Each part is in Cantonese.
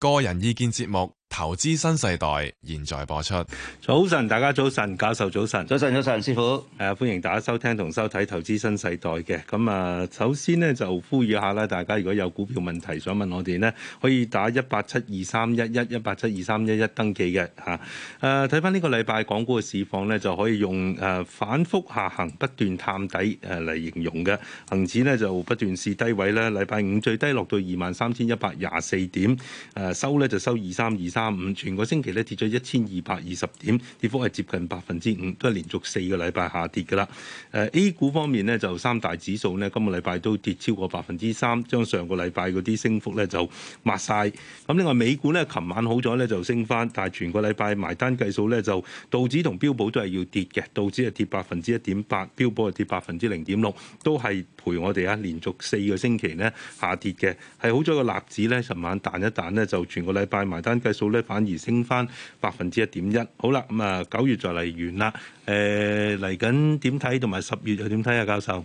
個人意見節目。投資新世代，現在播出。早晨，大家早晨，教授早晨，早晨早晨，師傅，係、啊、歡迎大家收聽同收睇《投資新世代》嘅。咁啊，首先呢，就呼籲下啦，大家如果有股票問題想問我哋呢，可以打一八七二三一一一八七二三一一登記嘅吓。誒、啊，睇翻呢個禮拜港股嘅市況呢，就可以用誒反覆下行、不斷探底誒嚟形容嘅。恒指呢，就不斷試低位呢，禮拜五最低落到二萬三千一百廿四點，誒、啊、收呢就收二三二三。五全個星期咧跌咗一千二百二十點，跌幅係接近百分之五，都係連續四個禮拜下跌噶啦。誒，A 股方面呢，就三大指數呢，今個禮拜都跌超過百分之三，將上個禮拜嗰啲升幅咧就抹晒。咁另外美股呢，琴晚好咗咧就升翻，但係全個禮拜埋單計數呢，就道指同標普都係要跌嘅，道指係跌百分之一點八，標普係跌百分之零點六，都係陪我哋啊，連續四個星期呢下跌嘅。係好咗個納指呢，琴晚彈一彈呢，就全個禮拜埋單計數。咧反而升翻百分之一點一，好啦。咁、欸、啊，九月就嚟完啦。誒，嚟緊點睇，同埋十月又點睇啊？教授，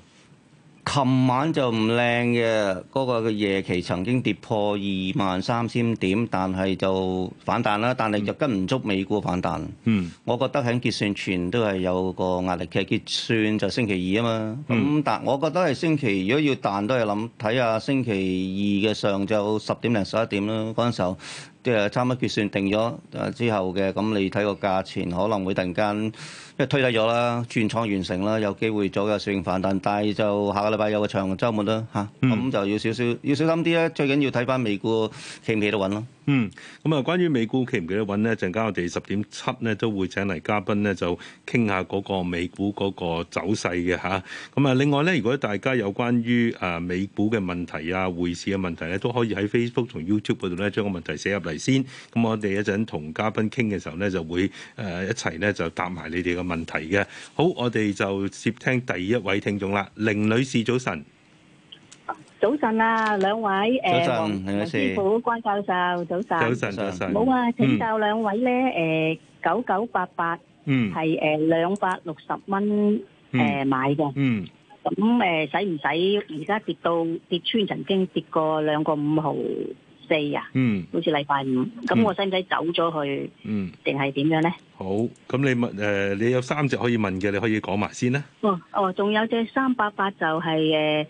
琴晚就唔靚嘅嗰個嘅夜期曾經跌破二萬三千點，但係就反彈啦。但係就跟唔足美股反彈。嗯，我覺得喺結算前都係有個壓力嘅。結算就星期二啊嘛。咁、嗯、但我覺得係星期，如果要彈都係諗睇下星期二嘅上晝十點零十一點啦。嗰陣時候。即係差唔多決算定咗之後嘅，咁你睇個價錢可能會突然間，因為推低咗啦，轉倉完成啦，有機會左右有小型反彈，但係就下個禮拜有個長週末啦，嚇、嗯，咁、啊、就要少少，要小心啲啦。最緊要睇翻美股企唔企得穩咯。嗯，咁啊，關於美股，企唔記得揾咧？陣間我哋十點七咧都會請嚟嘉賓咧，就傾下嗰個美股嗰個走勢嘅嚇。咁啊，另外咧，如果大家有關於啊美股嘅問題啊，匯市嘅問題咧，都可以喺 Facebook 同 YouTube 嗰度咧將個問題寫入嚟先。咁我哋一陣同嘉賓傾嘅時候咧，就會誒一齊咧就答埋你哋嘅問題嘅。好，我哋就接聽第一位聽眾啦，凌女士，早晨。早晨啊，兩位誒，黃師傅、關教授，早晨。早晨，早晨。冇啊，請教兩位咧，誒，九九八八，嗯，係誒兩百六十蚊誒買嘅，嗯，咁誒使唔使而家跌到跌穿曾經跌過兩個五毫四啊？嗯，好似禮拜五，咁我使唔使走咗去？嗯，定係點樣咧？好，咁你問誒，你有三隻可以問嘅，你可以講埋先啦。哦，哦，仲有隻三八八就係誒。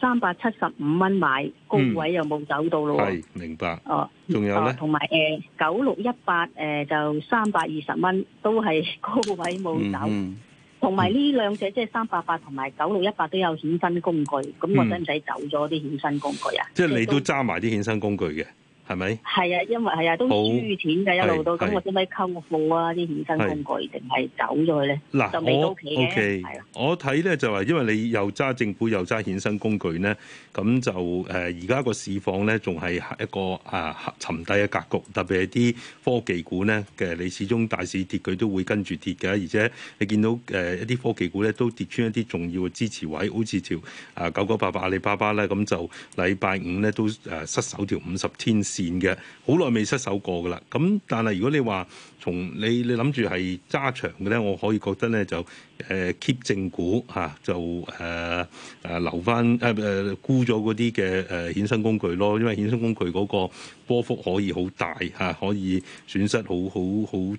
三百七十五蚊買高位又冇走到咯，係明白。哦，仲有咧，同埋誒九六一八誒就三百二十蚊都係高位冇走，同埋呢兩隻即係三百八同埋九六一八都有衍生工具，咁我使唔使走咗啲衍生工具啊？即係你都揸埋啲衍生工具嘅。係咪？係啊，因為係啊，都輸錢㗎，一路到咁，是是我使唔使溝個庫啊？啲衍生工具定係走咗佢咧？嗱，就未到期嘅，okay, 係啊。我睇咧就係因為你又揸政府又揸衍生工具咧，咁就誒而家個市況咧仲係一個啊、呃、沉低嘅格局，特別係啲科技股咧嘅，你始終大市跌佢都會跟住跌嘅，而且你見到誒一啲科技股咧都跌穿一啲重要嘅支持位，好似條啊、呃、九九八八阿里巴巴咧咁就禮拜五咧都誒失守條五十天線。嘅好耐未失手過噶啦，咁但係如果你話，同你你諗住係揸長嘅咧，我可以覺得咧就誒 keep、呃、正股嚇、啊，就誒誒、呃、留翻誒誒沽咗嗰啲嘅誒衍生工具咯，因為衍生工具嗰個波幅可以好大嚇、啊，可以損失好好好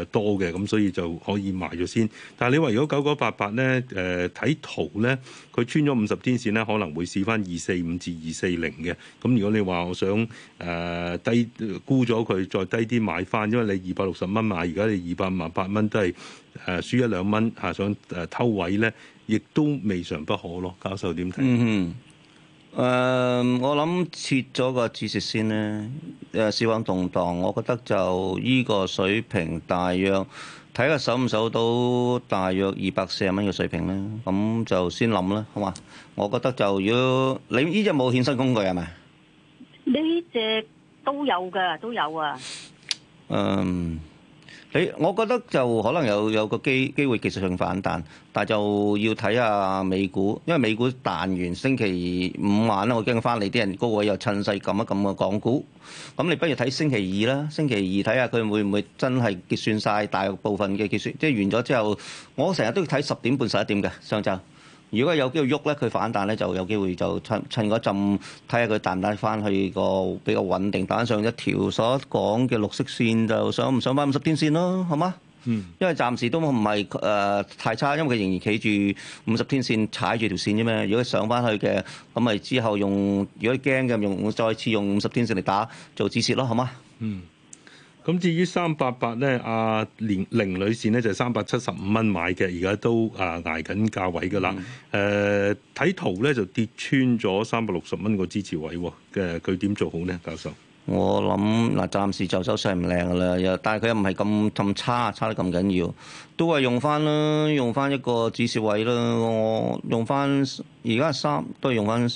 誒多嘅，咁所以就可以賣咗先。但係你話如果九九八八咧誒睇圖咧，佢穿咗五十天線咧，可能會試翻二四五至二四零嘅。咁如果你話我想誒低、呃、沽咗佢再低啲買翻，因為你二百六十。蚊買而家你二百萬八蚊都係誒輸一兩蚊嚇、想誒偷位咧，亦都未嘗不可咯。教授點睇？嗯嗯，誒、呃、我諗設咗個止蝕先咧，誒市況動盪，我覺得就依個水平大約睇下守唔守到大約二百四十蚊嘅水平咧，咁就先諗啦，好嘛？我覺得就如果你呢隻冇衍生工具係咪？呢隻都有嘅，都有啊。嗯、呃。你，我覺得就可能有有個機機會技術性反彈，但係就要睇下美股，因為美股彈完星期五晚啦，我驚翻嚟啲人高位又趁勢撳一撳個港股。咁你不如睇星期二啦，星期二睇下佢會唔會真係結算晒大部分嘅結算，即係完咗之後，我成日都要睇十點半十一點嘅上晝。如果有機會喐咧，佢反彈咧就有機會就趁趁嗰陣睇下佢彈唔彈翻去個比較穩定，彈上一條所講嘅綠色線就，就想唔想翻五十天線咯？好嘛？嗯，因為暫時都唔係誒太差，因為佢仍然企住五十天線踩住條線啫嘛。如果上翻去嘅，咁咪之後用，如果驚嘅用再次用五十天線嚟打做止蝕咯，好嘛？嗯。咁至於三八八咧，阿凌凌女士咧就三百七十五蚊買嘅，而家都啊捱緊價位噶啦。誒、嗯、睇圖咧就跌穿咗三百六十蚊個支持位嘅，佢點做好咧？教授，我諗嗱，暫時就走勢唔靚噶啦，又但係佢又唔係咁咁差，差得咁緊要，都係用翻啦，用翻一個指示位啦。我用翻而家三都係用翻。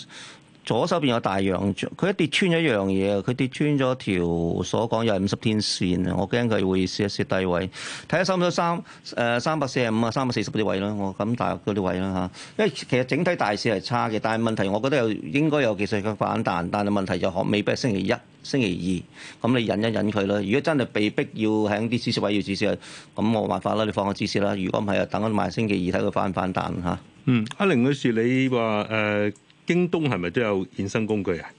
左手邊有大陽，佢一跌穿咗一樣嘢，佢跌穿咗條所講又係五十天線啊！我驚佢會試一試低位，睇下守唔守三誒三百四十五啊，三百四十啲位啦，我咁大嗰啲位啦嚇。因為其實整體大市係差嘅，但係問題我覺得又應該有技術嘅反彈，但係問題就可未必係星期一、星期二咁，你忍一忍佢啦。如果真係被逼要喺啲止蝕位要止蝕，咁冇辦法啦，你放個止蝕啦。如果唔係，就等我賣星期二睇佢反唔反彈嚇。嗯，阿玲女士，你話誒？呃京東係咪都有衍生工具是啊？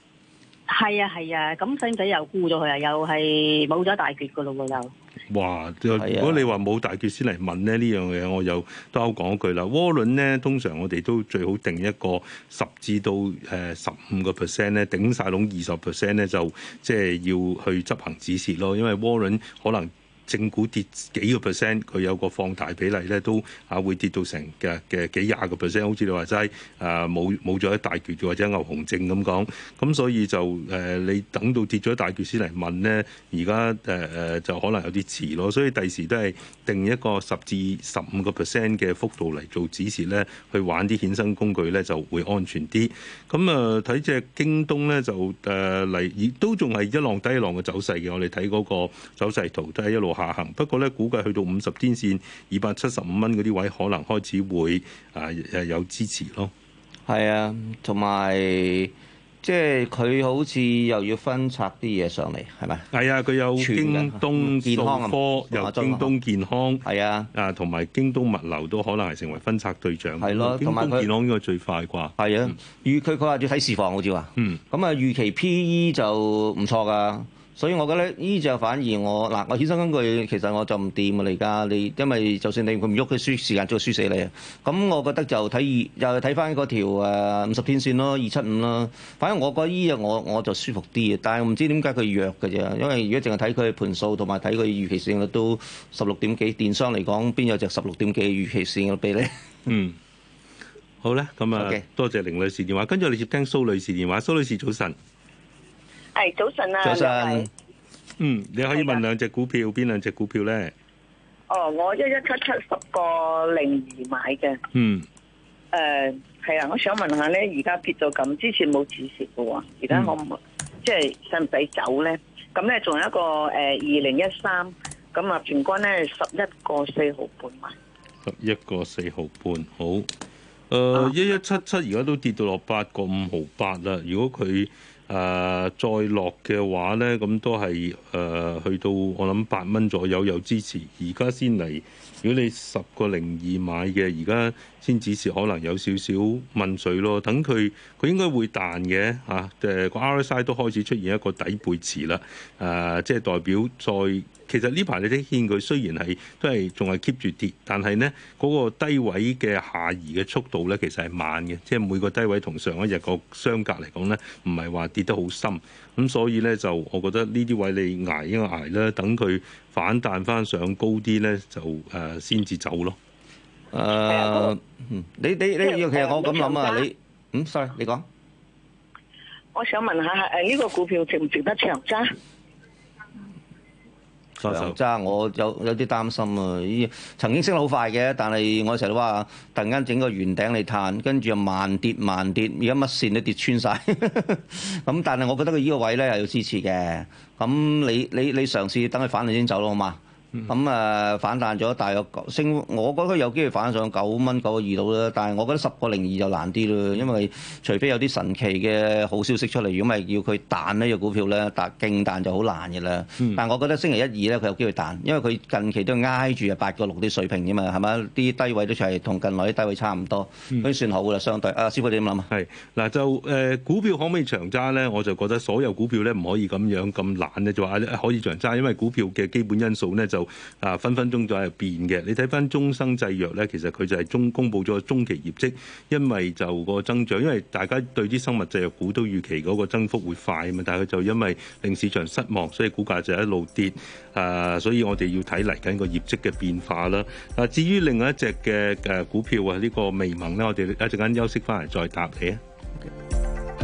係啊係啊，咁使唔使又沽咗佢啊？又係冇咗大跌噶咯喎又。哇、啊！如果你話冇大跌先嚟問咧，呢樣嘢我又都講一句啦。窩輪咧，通常我哋都最好定一個十至到誒十五個 percent 咧，頂晒籠二十 percent 咧，就即係要去執行指示咯。因為窩輪可能。正股跌幾個 percent，佢有個放大比例咧，都啊會跌到成嘅嘅幾廿個 percent，好似你話齋啊冇冇咗一大段，或者牛熊證咁講，咁所以就誒你等到跌咗一大段先嚟問咧，而家誒誒就可能有啲遲咯，所以第時都係定一個十至十五個 percent 嘅幅度嚟做指示咧，去玩啲衍生工具咧就會安全啲。咁啊睇隻京東咧就誒嚟，都仲係一浪低一浪嘅走勢嘅，我哋睇嗰個走勢圖都係一路下行不過咧，估計去到五十天線二百七十五蚊嗰啲位，可能開始會誒誒、啊啊、有支持咯。係啊，同埋即係佢好似又要分拆啲嘢上嚟，係咪？係啊，佢有，有京東健康啊，由京東健康係啊，啊同埋京東物流都可能係成為分拆對象。係咯、啊，同埋健康應該最快啩？係啊，預佢佢話要睇市況，好似話。嗯。咁啊，預、嗯、期 P E 就唔錯噶。所以我覺得呢，依隻反而我嗱、啊，我起身根據其實我就唔掂啊！你而家你，因為就算你佢唔喐，佢輸時間再輸死你啊！咁我覺得就睇二，又睇翻嗰條五十、啊、天線咯，二七五咯。反正我覺得依隻我我就舒服啲啊。但係我唔知點解佢弱嘅啫。因為如果淨係睇佢盤數同埋睇佢預期市盈率，都十六點幾。電商嚟講，邊有隻十六點幾預期市盈率嘅比咧？嗯，好啦，咁啊，多謝凌女士電話，跟住我哋接聽蘇女士電話。蘇女士早晨。係早晨啊，早晨、啊。嗯，你可以問兩隻股票，邊兩隻股票咧？哦，我一一七七十個零二買嘅。嗯。誒、呃、係啊，我想問下咧，而家跌到咁，之前冇止蝕嘅喎，而家可唔即係使唔使走咧？咁咧仲有一個誒二零一三，咁、呃呃、啊，平均咧十一個四毫半嘛。十一個四毫半，好。誒，一一七七而家都跌到落八個五毫八啦。如果佢誒、呃、再落嘅話呢，咁都係、呃、去到我諗八蚊左右有支持。而家先嚟，如果你十個零二買嘅，而家先只是可能有少少問水咯。等佢佢應該會彈嘅個、啊、RSI 都開始出現一個底背馳啦。即、啊、係、就是、代表再。其實呢排你啲軒佢雖然係都係仲係 keep 住跌，但係呢嗰、那個低位嘅下移嘅速度呢，其實係慢嘅，即係每個低位同上一日個相隔嚟講呢，唔係話跌得好深。咁所以呢，就，我覺得呢啲位你捱應該捱啦，等佢反彈翻上高啲呢，就誒先至走咯。誒、呃嗯，你你你、呃，其實我咁諗啊，你嗯，sorry，你講。我想問下係呢、嗯呃呢個股票值唔值得長揸？長揸，我有有啲擔心啊！曾經升得好快嘅，但係我成日都話，突然間整個圓頂嚟嘆，跟住又慢跌慢跌，而家乜線都跌穿晒。 」咁但係我覺得佢呢個位咧係要支持嘅。咁你你你嘗試等佢反彈先走囉，好嘛？咁、嗯、啊，反彈咗，大約升我覺得佢有機會反上九蚊九個二到啦。但係我覺得十個零二就難啲咯，因為除非有啲神奇嘅好消息出嚟，如果唔係要佢彈呢個股票咧、嗯，但勁彈就好難嘅啦。但係我覺得星期一二咧，佢有機會彈，因為佢近期都挨住啊八個六啲水平啫嘛，係咪？啲低位都係同近來啲低位差唔多，咁、嗯、算好嘅啦。相對，阿、啊、師傅你點諗啊？係嗱，就、呃、股票可唔可以長揸咧？我就覺得所有股票咧唔可以咁樣咁懶咧，就話可以長揸，因為股票嘅基本因素咧就啊，分分鐘就係變嘅。你睇翻中生製藥咧，其實佢就係中公佈咗中期業績，因為就個增長，因為大家對啲生物製藥股都預期嗰個增幅會快嘛。但係佢就因為令市場失望，所以股價就一路跌啊。所以我哋要睇嚟緊個業績嘅變化啦。啊，至於另外一隻嘅誒股票啊，呢個微盟咧，我哋一陣間休息翻嚟再答你啊。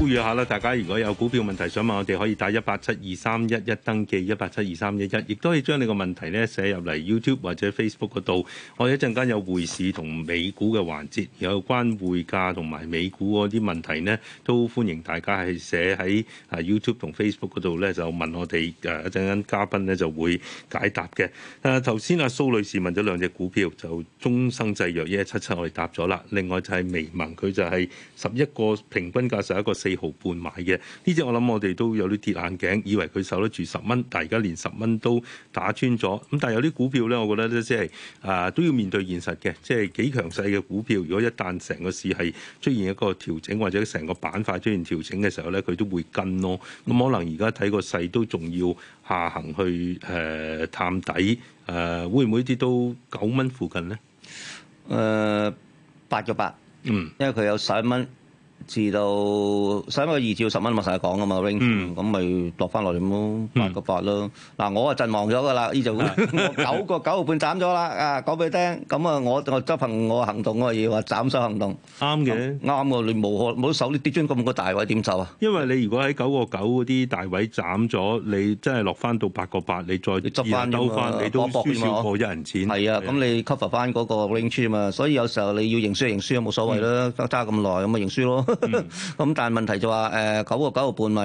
呼籲下啦，大家如果有股票問題想問我哋，可以打一八七二三一一登記，一八七二三一一，亦都可以將你個問題咧寫入嚟 YouTube 或者 Facebook 嗰度。我一陣間有匯市同美股嘅環節，有關匯價同埋美股嗰啲問題咧，都歡迎大家係寫喺啊 YouTube 同 Facebook 嗰度咧，就問我哋誒一陣間嘉賓咧就會解答嘅。誒頭先阿蘇女士問咗兩隻股票，就中生製藥一一七七，我哋答咗啦。另外就係微盟，佢就係十一個平均價十一個四。二毫半買嘅呢隻，我諗我哋都有啲跌眼鏡，以為佢守得住十蚊，但係而家連十蚊都打穿咗。咁但係有啲股票咧，我覺得咧即係啊，都要面對現實嘅，即係幾強勢嘅股票。如果一旦成個市係出現一個調整，或者成個板塊出現調整嘅時候咧，佢都會跟咯。咁可能而家睇個勢都仲要下行去誒、呃、探底誒、呃，會唔會跌到九蚊附近咧？誒、呃，八個八，嗯，因為佢有十一蚊。至到使乜二兆十蚊咪成日講啊嘛，ring chain 咁咪落翻落嚟咁咯，八個八咯。嗱，我啊陣亡咗噶啦，呢就九個九號半斬咗啦。啊，講俾你聽，咁啊，我我執行我行動，我係要話斬手行動。啱嘅，啱喎，你無可冇手啲跌穿咁個大位點走啊？因為你如果喺九個九嗰啲大位斬咗，你真係落翻到八個八，你再再執翻，你都輸少過一人錢。係啊，咁你 cover 翻嗰個 ring chain 嘛。所以有時候你要認輸認輸都冇所謂啦。揸揸咁耐，咁咪認輸咯。咁、嗯、 但係問題就話誒九個九個半咪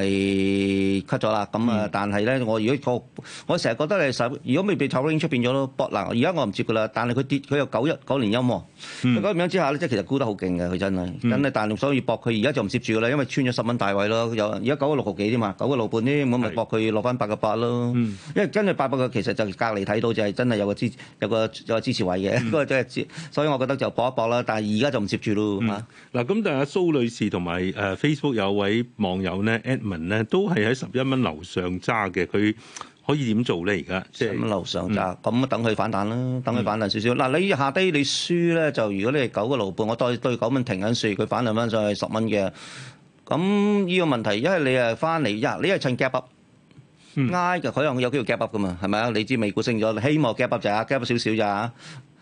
cut 咗啦，咁、呃、啊、嗯嗯、但係咧我如果個我成日覺得你，十，如果未被炒 w i 出變咗咯，搏嗱，而家我唔接噶啦，但係佢跌佢有九一九年音喎、哦，咁咁樣之下咧，即係其實沽得好勁嘅佢真係，真係但係所以搏佢而家就唔接住噶啦，因為穿咗十蚊大位咯，有而家九個六個幾添嘛，九個六半添，我咪搏佢落翻八個八咯，因為真係八個八其實就隔離睇到就係真係有個支有個有個支持位嘅，不過真係所以我覺得就搏一搏啦，但係而家就唔接住咯。嗱、嗯、咁、啊、但係阿蘇女士。同埋誒 Facebook 有位網友咧 Edmond 咧都係喺十一蚊樓上揸嘅，佢可以點做咧而家？十一蚊樓上揸，咁等佢反彈啦，等佢反彈少少。嗱，你下低你輸咧，就如果你係九個樓半，我對對九蚊停緊輸，佢反彈翻上去十蚊嘅，咁呢個問題，因為你係翻嚟，呀，你係趁 gap up 挨嘅，佢又有機會 gap up 噶嘛？係咪啊？你知美股升咗，希望 gap up 就係 gap 少少咋。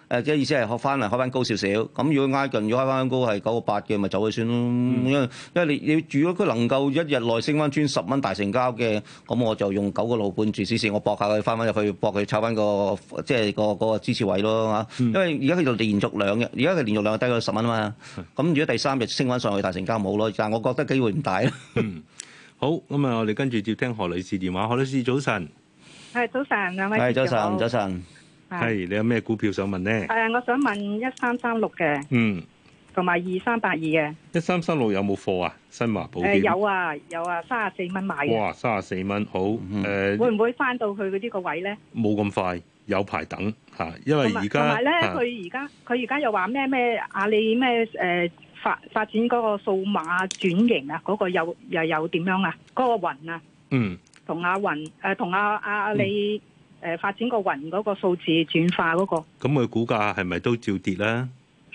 誒即係意思係開翻嚟，開翻高少少。咁如果挨近要開翻高係九個八嘅，咪走佢算咯。因為因為你你如果佢能夠一日內升翻穿十蚊大成交嘅，咁我就用九個老半住試試，我搏下佢翻翻入去，搏佢炒翻個即係個嗰支持位咯嚇。因為而家佢就哋連續兩日，而家佢連續兩日低過十蚊啊嘛。咁如果第三日升翻上去大成交冇好咯，但係我覺得機會唔大。嗯。好，咁啊，我哋跟住接聽何女士電話。何女士早晨。係早晨，兩位早晨，早晨。早晨係，你有咩股票想問咧、呃？我想問一三三六嘅，嗯，同埋二三八二嘅。一三三六有冇貨啊？新華保險？有啊，有啊，三十四蚊買。哇，三十四蚊，好誒、嗯啊。會唔會翻到去嗰啲個位咧？冇咁快，有排等吓，因為而家同埋咧，佢而家佢而家又話咩咩阿里咩誒發發展嗰個數碼轉型啊，嗰、嗰個又又又點樣啊？嗰、嗰個雲啊，嗯，同阿雲誒，同阿阿李。誒，發展個雲嗰個數字轉化嗰、那個，咁、那、佢、個、股價係咪都照跌咧？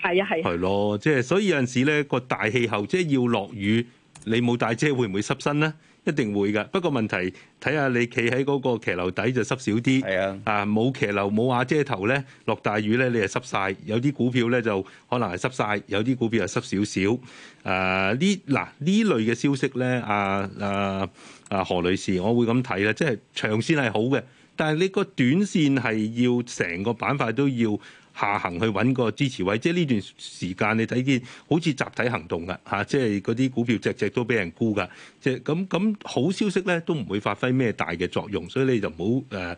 係啊，係係咯，即係所以有陣時咧，個大氣候即係要落雨，你冇帶遮會唔會濕身咧？一定會噶。不過問題睇下你企喺嗰個騎樓底就濕少啲，係啊,啊,啊,啊，啊冇騎樓冇瓦遮頭咧，落大雨咧你就濕晒。有啲股票咧就可能係濕晒，有啲股票係濕少少。誒，呢嗱呢類嘅消息咧，阿何女士我會咁睇啦，即係長線係好嘅。但係你個短線係要成個板塊都要下行去揾個支持位，即係呢段時間你睇見好似集體行動㗎嚇，即係嗰啲股票隻隻都俾人沽㗎，即係咁咁好消息咧都唔會發揮咩大嘅作用，所以你就唔好誒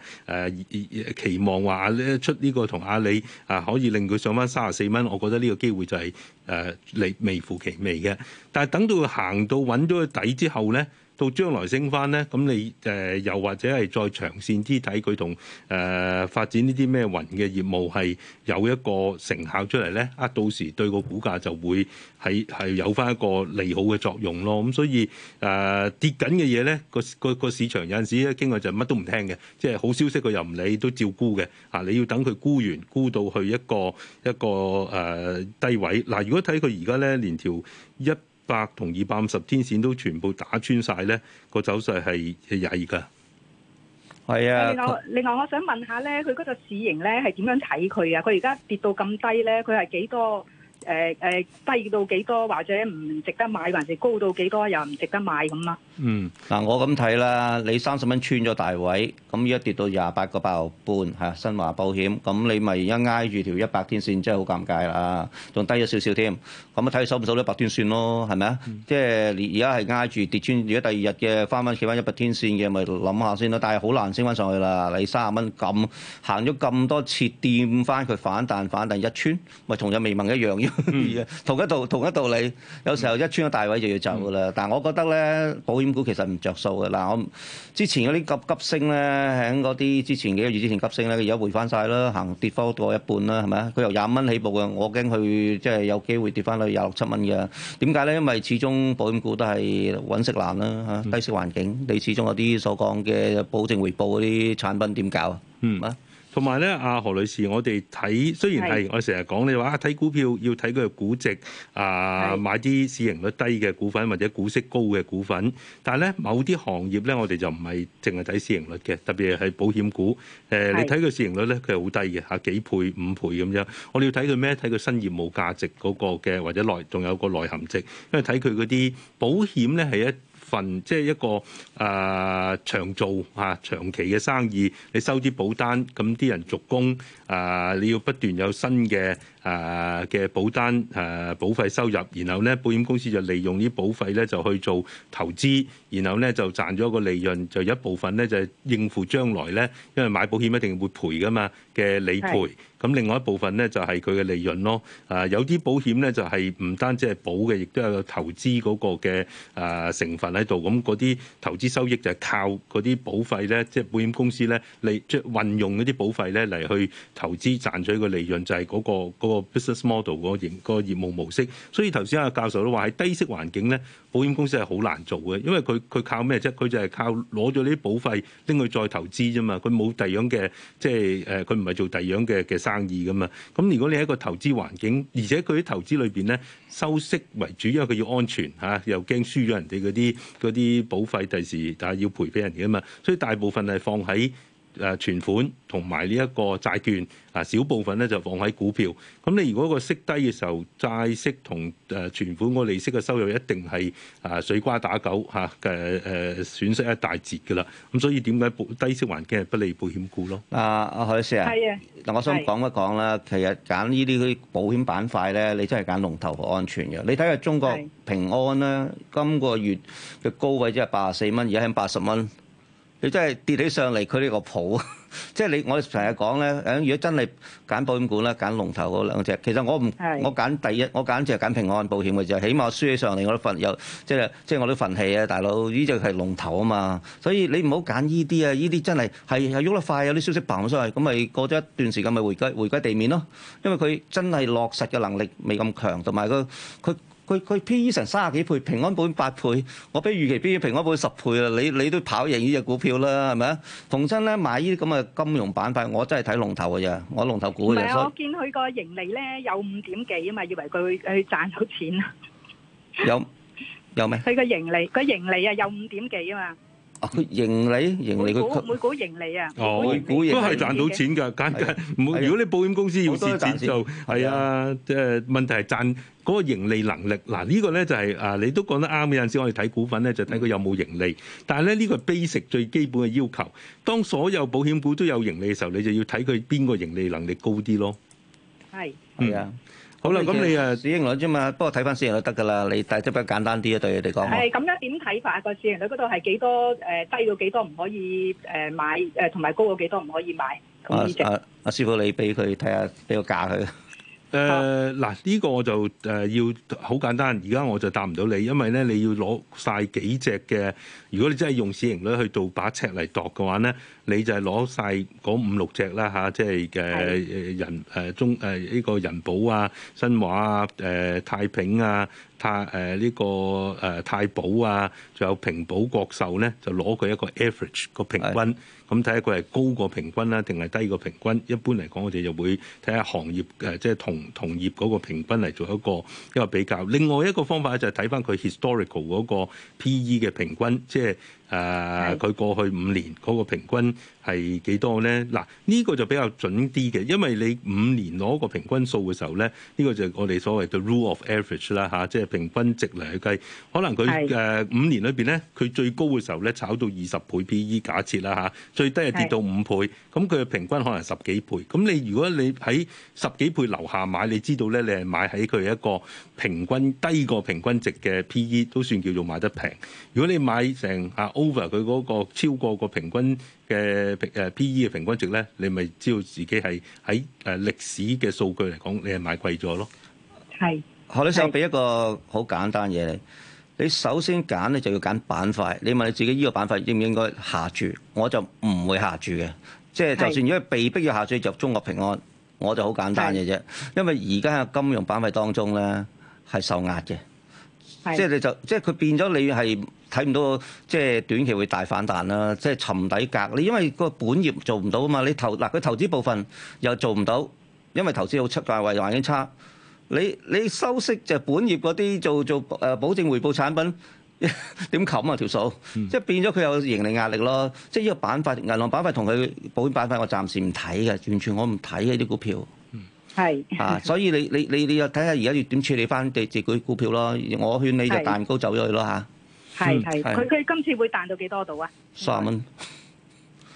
誒期望話出呢個同阿里啊可以令佢上翻三十四蚊，我覺得呢個機會就係誒你微乎其微嘅。但係等到佢行到揾咗個底之後咧。到將來升翻咧，咁你、呃、又或者係再長線啲睇佢同誒發展呢啲咩雲嘅業務係有一個成效出嚟咧，啊到時對個股價就會係有翻一個利好嘅作用咯。咁所以誒、呃、跌緊嘅嘢咧，個市場有陣時一經過就乜都唔聽嘅，即、就、係、是、好消息佢又唔理，都照沽嘅。啊，你要等佢沽完沽到去一個一個誒、呃、低位。嗱、啊，如果睇佢而家咧連條一。百同二百五十天線都全部打穿晒，咧，個走勢係係曳噶。係啊。另外另外，我想問下咧，佢嗰個市盈咧係點樣睇佢啊？佢而家跌到咁低咧，佢係幾多？誒誒低到幾多或者唔值得買，還是高到幾多又唔值得買咁啦？嗯，嗱我咁睇啦，你三十蚊穿咗大位，咁而家跌到廿八個八毫半嚇，新華保險，咁你咪而家挨住條一百天線，真係好尷尬啦，仲低咗少少添。咁啊睇佢守唔守得一百天線咯，係咪啊？即係而家係挨住跌穿，而家第二日嘅翻翻企翻一百天線嘅，咪諗下先咯。但係好難升翻上去啦，你三十蚊咁行咗咁多次，掂翻佢反彈反彈一穿，咪同隻美盟一樣。 同一道同一道理，有時候一穿咗大位就要走噶啦。但係我覺得咧，保險股其實唔着數嘅。嗱，我之前嗰啲急急升咧，喺嗰啲之前幾個月之前急升咧，而家回翻晒啦，行跌翻多過一半啦，係咪啊？佢由廿蚊起步嘅，我驚佢即係有機會跌翻去廿六七蚊嘅。點解咧？因為始終保險股都係穩食難啦，嚇低息環境，嗯、你始終有啲所講嘅保證回報嗰啲產品點搞啊？嗯啊！同埋咧，阿何女士，我哋睇雖然係，我成日講你話啊，睇股票要睇佢嘅估值，啊買啲市盈率低嘅股份或者股息高嘅股份。但係咧，某啲行業咧，我哋就唔係淨係睇市盈率嘅，特別係保險股。誒、呃，你睇佢市盈率咧，佢係好低嘅，嚇幾倍、五倍咁樣。我哋要睇佢咩？睇佢新業務價值嗰個嘅，或者內仲有個內含值，因為睇佢嗰啲保險咧係一。份即係一個誒、呃、長做嚇、啊、長期嘅生意，你收啲保單，咁啲人續供，誒、呃，你要不斷有新嘅。誒嘅保單，誒保費收入，然後咧，保險公司就利用啲保費咧就去做投資，然後咧就賺咗個利潤，就一部分咧就應付將來咧，因為買保險一定會賠噶嘛嘅理賠，咁另外一部分咧就係佢嘅利潤咯。啊，有啲保險咧就係唔單止係保嘅，亦都有投資嗰個嘅誒成分喺度。咁嗰啲投資收益就係靠嗰啲保費咧，即係保險公司咧嚟即係運用嗰啲保費咧嚟去投資賺取個利潤，就係嗰個嗰個 business model 個營個業務模式，所以頭先阿教授都話喺低息環境咧，保險公司係好難做嘅，因為佢佢靠咩啫？佢就係靠攞咗呢啲保費拎去再投資啫嘛，佢冇第樣嘅，即係誒，佢唔係做第樣嘅嘅生意噶嘛。咁如果你喺一個投資環境，而且佢喺投資裏邊咧收息為主，因為佢要安全嚇，又驚輸咗人哋嗰啲啲保費，第時但係要賠俾人哋噶嘛。所以大部分係放喺，誒存款同埋呢一個債券，啊小部分咧就放喺股票。咁你如果個息低嘅時候，債息同誒存款個利息嘅收入一定係啊水瓜打狗嚇嘅，誒損失一大截噶啦。咁所以點解低息環境係不利保險股咯。啊啊海師啊，嗱，我想講一講啦。其實揀呢啲保險板塊咧，你真係揀龍頭好安全嘅。你睇下中國平安咧，今個月嘅高位即係八十四蚊，而家係八十蚊。佢真係跌起上嚟，佢呢個譜， 即係你我成日講咧。誒，如果真係揀保險股咧，揀龍頭嗰兩隻，其實我唔，我揀第一，我揀就係揀平安保險嘅啫。起碼輸起上嚟，我都份有即係即係我都份氣啊，大佬，呢隻係龍頭啊嘛。所以你唔好揀依啲啊，依啲真係係係喐得快，有啲消息爆咗出去，咁咪過咗一段時間咪回歸回歸地面咯。因為佢真係落實嘅能力未咁強，同埋佢佢。佢佢 P 成三十幾倍，平安保險八倍，我比預期 P 平安保險十倍啦，你你都跑贏呢隻股票啦，係咪啊？逢親咧買呢啲咁嘅金融板塊，我真係睇龍頭嘅啫，我龍頭股嚟嘅。唔係啊，我見佢個盈利咧有五點幾啊嘛，以為佢佢賺到錢啦。有有咩？佢個盈利，佢盈利啊，有五點幾啊嘛。佢、啊、盈利，盈利佢每，每股盈利啊，哦、每股盈利都係賺到錢㗎，間間。如果你保險公司要蝕錢就係啊，即係問題係賺嗰個盈利能力。嗱呢、啊呢個咧就係、係、啊，你都講得啱嘅。有陣時我哋睇股份咧，就睇佢有冇盈利。是但係咧呢、呢個係 basic 最基本嘅要求，當所有保險股都有盈利嘅時候，你就要睇佢邊個盈利能力高啲咯。係，係、嗯、啊。好啦，咁你誒市盈率啫嘛，不過睇翻市盈率得噶啦。你大比較簡單啲啊，對佢哋講。係咁樣點睇法？個市盈率嗰度係幾多、呃？低到幾多唔可以誒買？同埋高到幾多唔可以買？咁呢隻。阿阿、這個啊啊啊、師傅，你俾佢睇下，俾個價佢。 誒嗱呢個我就誒要好簡單，而家我就答唔到你，因為咧你要攞晒幾隻嘅，如果你真係用市盈率去做把尺嚟度嘅話咧，你就係攞晒嗰五六隻啦嚇、啊，即係嘅、啊、人誒、啊、中誒呢個人保啊、新華啊、誒太平啊。怕誒呢個誒、呃、太保啊，仲有平保國壽咧，就攞佢一個 average 個平均，咁睇下佢係高過平均啦，定係低過平均。一般嚟講，我哋就會睇下行業誒、呃，即係同同業嗰個平均嚟做一個一個比較。另外一個方法咧，就係睇返佢 historical 嗰個 P/E 嘅平均，即係。誒、啊、佢過去五年嗰個平均係幾多咧？嗱、啊、呢、這個就比較準啲嘅，因為你五年攞個平均數嘅時候咧，呢、這個就是我哋所謂嘅 rule of average 啦、啊、吓，即、就、係、是、平均值嚟去計。可能佢五年裏面咧，佢最高嘅時候咧炒到二十倍 PE，假設啦吓、啊，最低係跌到五倍，咁佢平均可能十幾倍。咁你如果你喺十幾倍樓下買，你知道咧，你係買喺佢一個平均低過平均值嘅 PE，都算叫做買得平。如果你買成啊佢嗰個超過個平均嘅誒 P E 嘅平均值咧，你咪知道自己係喺誒歷史嘅數據嚟講，你係買貴咗咯。係，我咧想俾一個好簡單嘢你。你首先揀你就要揀板塊，你問你自己依個板塊應唔應該下注，我就唔會下注嘅。即、就、係、是、就算如果被逼要下注，入中國平安，我就好簡單嘅啫。因為而家嘅金融板塊當中咧係受壓嘅，即係你就即係佢變咗你係。睇唔到，即係短期會大反彈啦。即係沉底格，你因為個本業做唔到啊嘛。你投嗱佢投資部分又做唔到，因為投資好出價位，環境差。你你收息就本業嗰啲做做誒保證回報產品點冚啊條數， mm. 即係變咗佢有盈利壓力咯。即係呢個板塊銀行板塊同佢保險板塊，我暫時唔睇嘅，完全我唔睇嘅。啲股票。係、mm. 啊，所以你你你你又睇下而家要點處理翻自自己股票咯。我勸你就蛋糕走咗去咯嚇。係係，佢佢今次會彈到幾多度啊？三十蚊，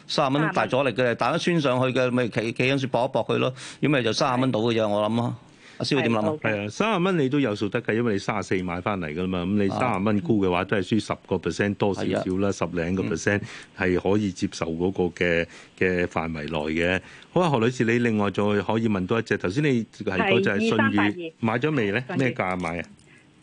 三十蚊大阻力嘅，彈咗穿上去嘅，咪企企緊住搏一搏佢咯。如果咪就三十蚊到嘅啫，我諗啊，阿師會點諗啊？係啊，三十蚊你都有數得嘅，因為你三十四買翻嚟嘅嘛。咁你三十蚊沽嘅話，都係輸十個 percent 多少少啦，十零個 percent 係可以接受嗰個嘅嘅範圍內嘅、嗯。好啊，何女士，你另外再可以問多一隻。頭先你係嗰隻係信譽買咗未咧？咩價買啊？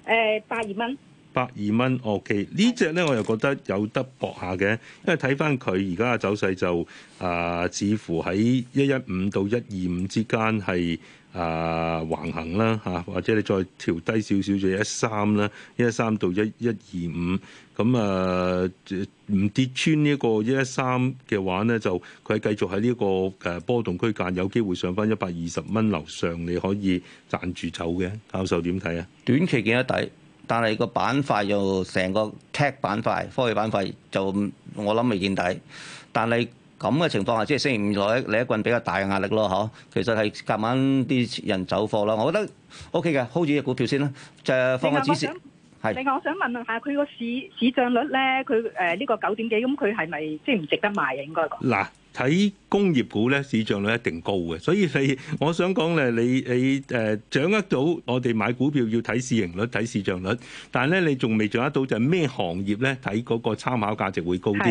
誒、呃，八二蚊。百二蚊，OK 呢隻呢，我又覺得有得搏下嘅，因為睇翻佢而家嘅走勢就啊，似乎喺一一五到一二五之間係啊橫行啦嚇，或者你再調低少少就一三啦，一三到一一二五，咁啊唔跌穿呢個一三嘅話呢，就佢繼續喺呢個誒波動區間有機會上翻一百二十蚊樓上，你可以賺住走嘅。教授點睇啊？短期嘅一底。但係個板塊就成個 tech 板塊、科技板塊就我諗未見底。但係咁嘅情況下，即係星期五來嚟一棍比較大嘅壓力咯，嗬。其實係琴晚啲人走貨咯。我覺得 O K 嘅，hold 住隻股票先啦，就放個指示。係。另外我想問問下佢個市市賬率咧？佢誒呢個九點幾？咁佢係咪即係唔值得賣啊？應該講嗱睇。工業股咧，市賬率一定高嘅，所以你我想講咧，你你誒掌握到我哋買股票要睇市盈率、睇市賬率，但係咧，你仲未掌握到就係咩行業咧，睇嗰個參考價值會高啲。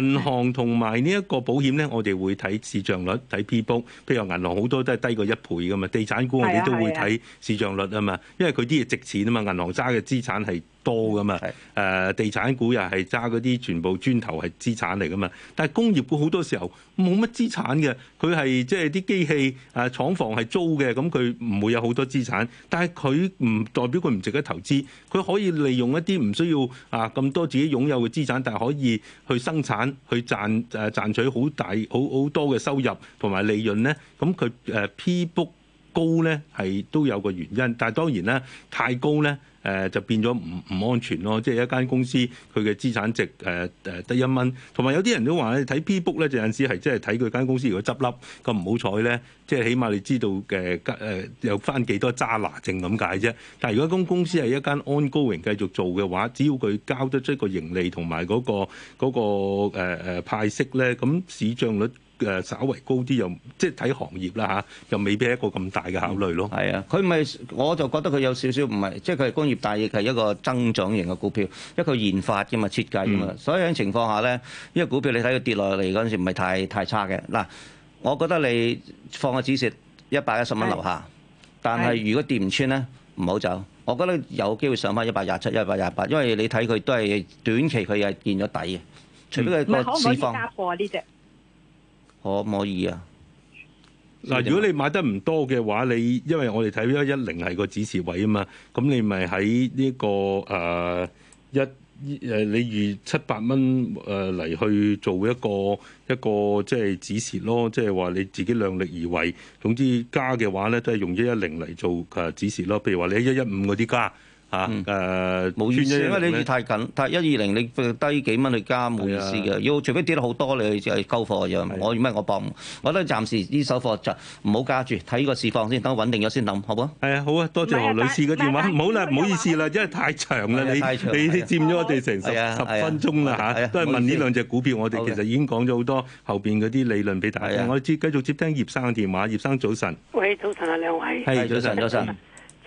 銀行同埋呢一個保險咧，我哋會睇市賬率、睇 P/B。譬如銀行好多都係低過一倍噶嘛，地產股我哋都會睇市賬率啊嘛，因為佢啲嘢值錢啊嘛。銀行揸嘅資產係多噶嘛，誒地產股又係揸嗰啲全部磚頭係資產嚟噶嘛，但係工業股好多時候冇乜，資產嘅佢係即係啲機器啊，廠房係租嘅，咁佢唔會有好多資產。但係佢唔代表佢唔值得投資。佢可以利用一啲唔需要啊咁多自己擁有嘅資產，但係可以去生產去賺誒賺取好大好好多嘅收入同埋利潤咧。咁佢誒 P book。高咧係都有個原因，但係當然咧太高咧，呃、就變咗唔唔安全咯，即係一間公司佢嘅資產值，呃呃呃、得一蚊，同埋有啲人都話睇 P book 咧，就有陣時係即係睇佢間公司如果執笠，咁唔好彩咧，即係起碼你知道嘅返翻幾多渣拿證咁解啫。但係如果公公司係一間安高 g 繼續做嘅話，只要佢交得出個盈利同埋嗰個，那個呃、派息咧，咁市佔率。稍為高啲又即係睇行業啦吓又未必係一個咁大嘅考慮咯。係、嗯、啊，佢咪我就覺得佢有少少唔係，即係佢係工業大業係一個增長型嘅股票，一個研發嘅嘛、設計嘅嘛、嗯。所以喺情況下咧，呢、這個股票你睇佢跌落嚟嗰陣時唔係太太差嘅。嗱，我覺得你放個指示，一百一十蚊樓下，但係如果跌唔穿咧，唔好走。我覺得有機會上翻一百廿七、一百廿八，因為你睇佢都係短期佢係見咗底嘅，除非佢個、嗯、可唔可以加貨呢、啊、只？這個可唔可以啊？嗱，如果你買得唔多嘅話，你因為我哋睇一一零係個指示位啊嘛，咁你咪喺呢個誒、呃、一誒、呃，你預七百蚊誒嚟，去做一個一個即係指示咯，即係話你自己量力而為。總之加嘅話咧，都係用一一零嚟做誒指示咯。譬如話你喺一一五嗰啲加。吓、啊，誒、嗯、冇意思，因為你太近，太一二零，你低幾蚊去加冇意思嘅。要、啊、除非跌得好多，你去交貨嘅啫。我咩我搏唔，我都暫時呢手貨就唔好加住，睇個市況先，等穩定咗先諗，好唔好？係啊，好啊，多謝何、啊、女士嘅電話。唔好啦，唔、啊、好意思啦，因為太長啦、啊，你、啊、你佔咗我哋成十、啊、分鐘啦嚇、啊啊，都係問呢兩隻股票，啊、我哋其實已經講咗好多後邊嗰啲理論俾大家。啊啊、我接繼續接聽葉生嘅電話，葉生早晨。喂，早晨啊，兩位。係早晨，早晨。早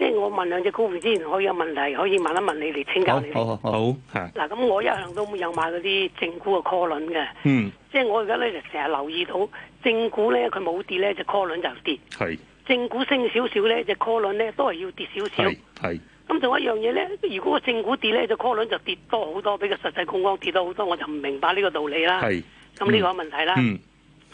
即係我問兩隻股票之前可以有問題，可以問一問你嚟請教你。好好嗱咁、啊、我一向都有買嗰啲正股嘅 call 輪嘅。嗯，即係我而家咧就成日留意到正股咧佢冇跌咧隻 call 輪就跌。係。正股升少少咧隻 call 輪咧都係要跌少少。係。咁仲有一樣嘢咧，如果個正股跌咧，隻 call 輪就跌多好多，比個實際槓杆跌多好多，我就唔明白呢個道理啦。係。咁呢個問題啦。嗯。嗯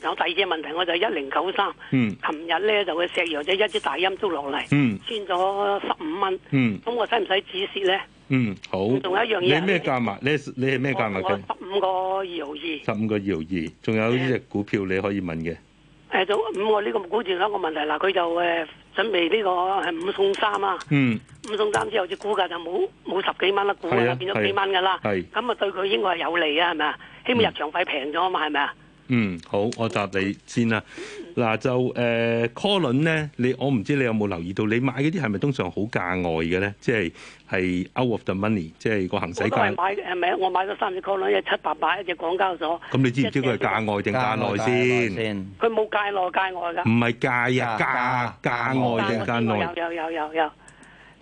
有第二隻問題，我就係, 1093,、嗯、就一零九三。嗯，琴日咧就個石藥仔一支大陰燭落嚟，穿咗十五蚊。嗯，咁我使唔使止蝕咧？嗯，好。仲有一樣嘢，你咩價碼？你你係咩價碼？十五個二毫二。十五個二毫二，仲有呢隻股票你可以問嘅。誒，總五我呢個股住有一個問題，嗱佢就誒準備呢個係五送三啊。嗯，五送三之後，隻股價就冇冇十幾蚊啦，股價變咗幾蚊㗎喇。係咁啊，係啊係對佢應該係有利啊，係咪啊？希望入場費平咗啊嘛，係咪啊？嗯，好，我答你先啦。嗱、嗯嗯啊，就誒 call 輪咧，你我唔知你有冇留意到，你買嗰啲係咪通常好價外嘅咧？即係係 out of the money，即係個行使價。我都係買誒我買咗三隻 call 輪八，一七七百八，一隻廣交所。咁、嗯、你知唔知佢係價外定價內先？佢冇價內價外㗎。唔係價呀，價外定價內。有有有有。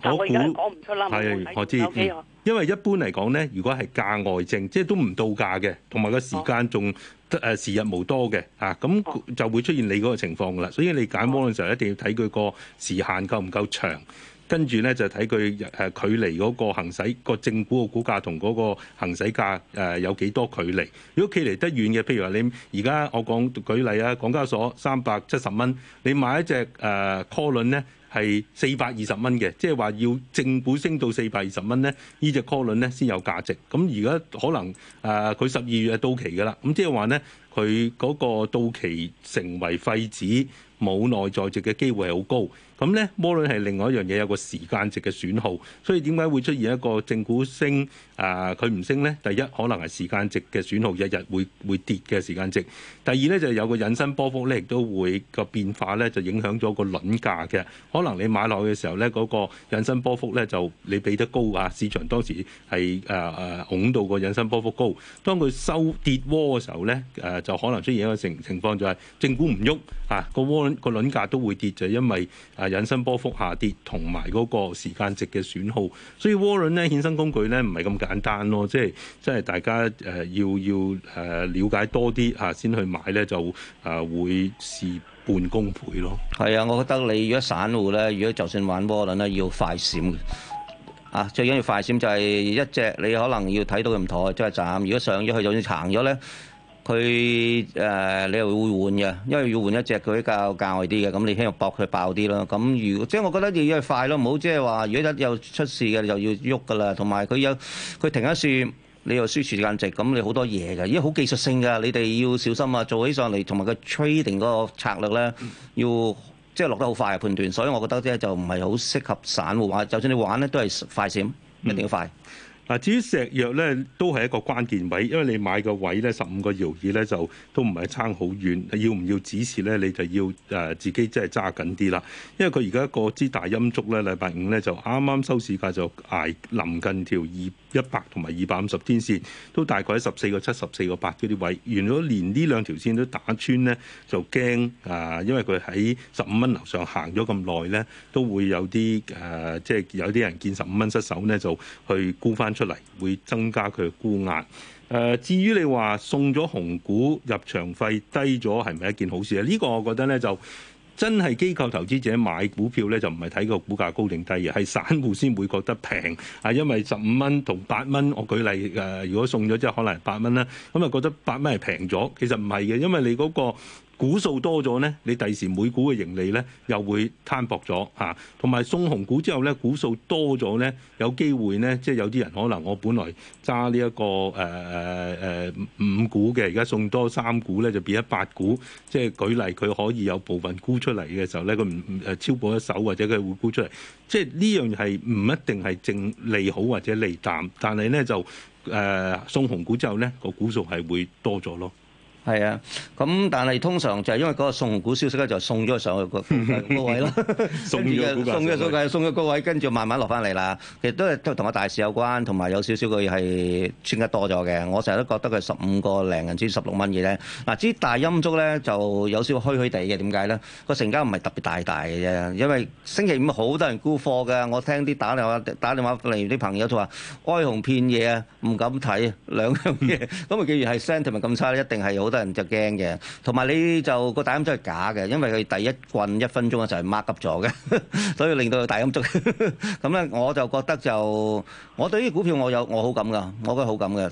估我估講唔出啦，係我知。O、嗯、因為一般嚟講咧，如果係價外證，即係都唔到價嘅，同埋個時間仲得誒時日無多嘅嚇，咁、哦、就會出現你嗰個情況噶啦。所以你揀窩輪嘅時候一定要睇佢個時限夠唔夠長，跟住咧就睇佢誒距離嗰個行使個正股個股價同嗰個行使價誒有幾多距離。如果距離得遠嘅，譬如話你而家我講舉例啊，港交所三百七十蚊，你買一隻誒 call 輪咧。呃 Callen, 係四百二十蚊嘅，即係話要正股升到四百二十蚊咧，呢隻 call 輪咧先有價值。咁而家可能誒佢十二月到期噶啦，咁即係話咧，佢嗰個到期成為廢紙。冇內在值嘅機會係好高，咁咧窩輪係另外一樣嘢，有個時間值嘅損耗，所以點解會出現一個正股升啊佢唔升咧？第一可能係時間值嘅損耗，日日會會跌嘅時間值。第二咧就係、有個引申波幅咧，亦都會個變化咧就影響咗個輪價嘅。可能你買落去嘅時候咧，嗰、嗰個引申波幅咧就你俾得高啊，市場當時係誒誒拱到個引申波幅高。當佢收跌窩嘅時候咧，誒、啊、就可能出現一個情情況就係正股唔喐啊、個窩。個輪價都會跌，就因為啊引伸波幅下跌，同埋嗰個時間值嘅損耗，所以窩輪呢，衍生工具咧唔係咁簡單咯，即係即係大家誒要要誒了解多啲吓先去買咧就誒會事半功倍咯。係啊，我覺得你如果散戶咧，如果就算玩窩輪咧，要快閃啊，最緊要快閃就係一隻你可能要睇到咁妥即係斬，如果上咗去就算行咗咧。佢誒、呃、你又會換嘅，因為要換一隻佢比較價外啲嘅，咁你聽日搏佢爆啲咯。咁如果即係我覺得你要係快咯，唔好即係話如果一有出事嘅你就要喐噶啦。同埋佢有佢停一瞬，你又輸住時間值，咁你好多嘢嘅，因為好技術性嘅，你哋要小心啊。做起上嚟同埋個 trading 定個策略咧，要即係落得好快嘅判斷，所以我覺得即係就唔係好適合散戶玩。就算你玩咧，都係快閃一定要快。嗯嗱，至於石藥咧，都係一個關鍵位，因為你買的位置呢個位咧，十五個搖耳咧就都唔係撐好遠。要唔要指示咧？你就要誒、呃、自己即係揸緊啲啦。因為佢而家個支大陰燭咧，禮拜五咧就啱啱收市價就挨臨近條二一百同埋二百五十天線，都大概喺十四個七、十四個八嗰啲位置。如果連呢兩條線都打穿咧，就驚啊、呃！因為佢喺十五蚊樓上行咗咁耐咧，都會有啲誒，即、呃、係、就是、有啲人見十五蚊失守咧，就去沽翻。出嚟會增加佢嘅沽壓。誒、呃，至於你話送咗紅股入場費低咗，係咪一件好事咧？呢、這個我覺得呢，就真係機構投資者買股票呢，就唔係睇個股價高定低嘅，係散戶先會覺得平。係、啊、因為十五蚊同八蚊，我舉例誒、啊，如果送咗之後可能八蚊啦，咁就覺得八蚊係平咗。其實唔係嘅，因為你嗰、那個。股數多咗呢，你第時每股嘅盈利呢又會攤薄咗嚇，同埋送紅股之後呢，股數多咗呢，有機會呢，即係有啲人可能我本來揸呢一個誒誒、呃呃、五股嘅，而家送多三股呢，就變咗八股。即係舉例，佢可以有部分沽出嚟嘅時候呢，佢唔唔誒超過一手或者佢會沽出嚟。即係呢樣係唔一定係正利好或者利淡，但係呢，就誒、呃、送紅股之後呢，個股數係會多咗咯。係啊，咁但係通常就係因為嗰個送股消息咧，就是、送咗上去個個位啦。送咗，送嘅數據，送咗個位，跟 住 慢慢落翻嚟啦。其實都係同個大市有關，同埋有少少佢係穿得多咗嘅。我成日都覺得佢十五個零銀穿十六蚊嘅啫。嗱，啲、啊、大陰燭咧就有少少虛虛地嘅，點解咧？個成交唔係特別大大嘅啫，因為星期五好多人沽貨㗎。我聽啲打，打電話、打電話例如啲朋友就話：哀鴻遍野啊，唔敢睇兩樣嘢。咁 啊，既然係 sentiment 咁差咧，一定係好。有人就驚嘅，同埋你就個大陰燭係假嘅，因為佢第一棍一分鐘啊就係抹急咗嘅，所以令到個大陰燭咁咧。我就覺得就我對於股票我有我好感噶，我覺得好感嘅。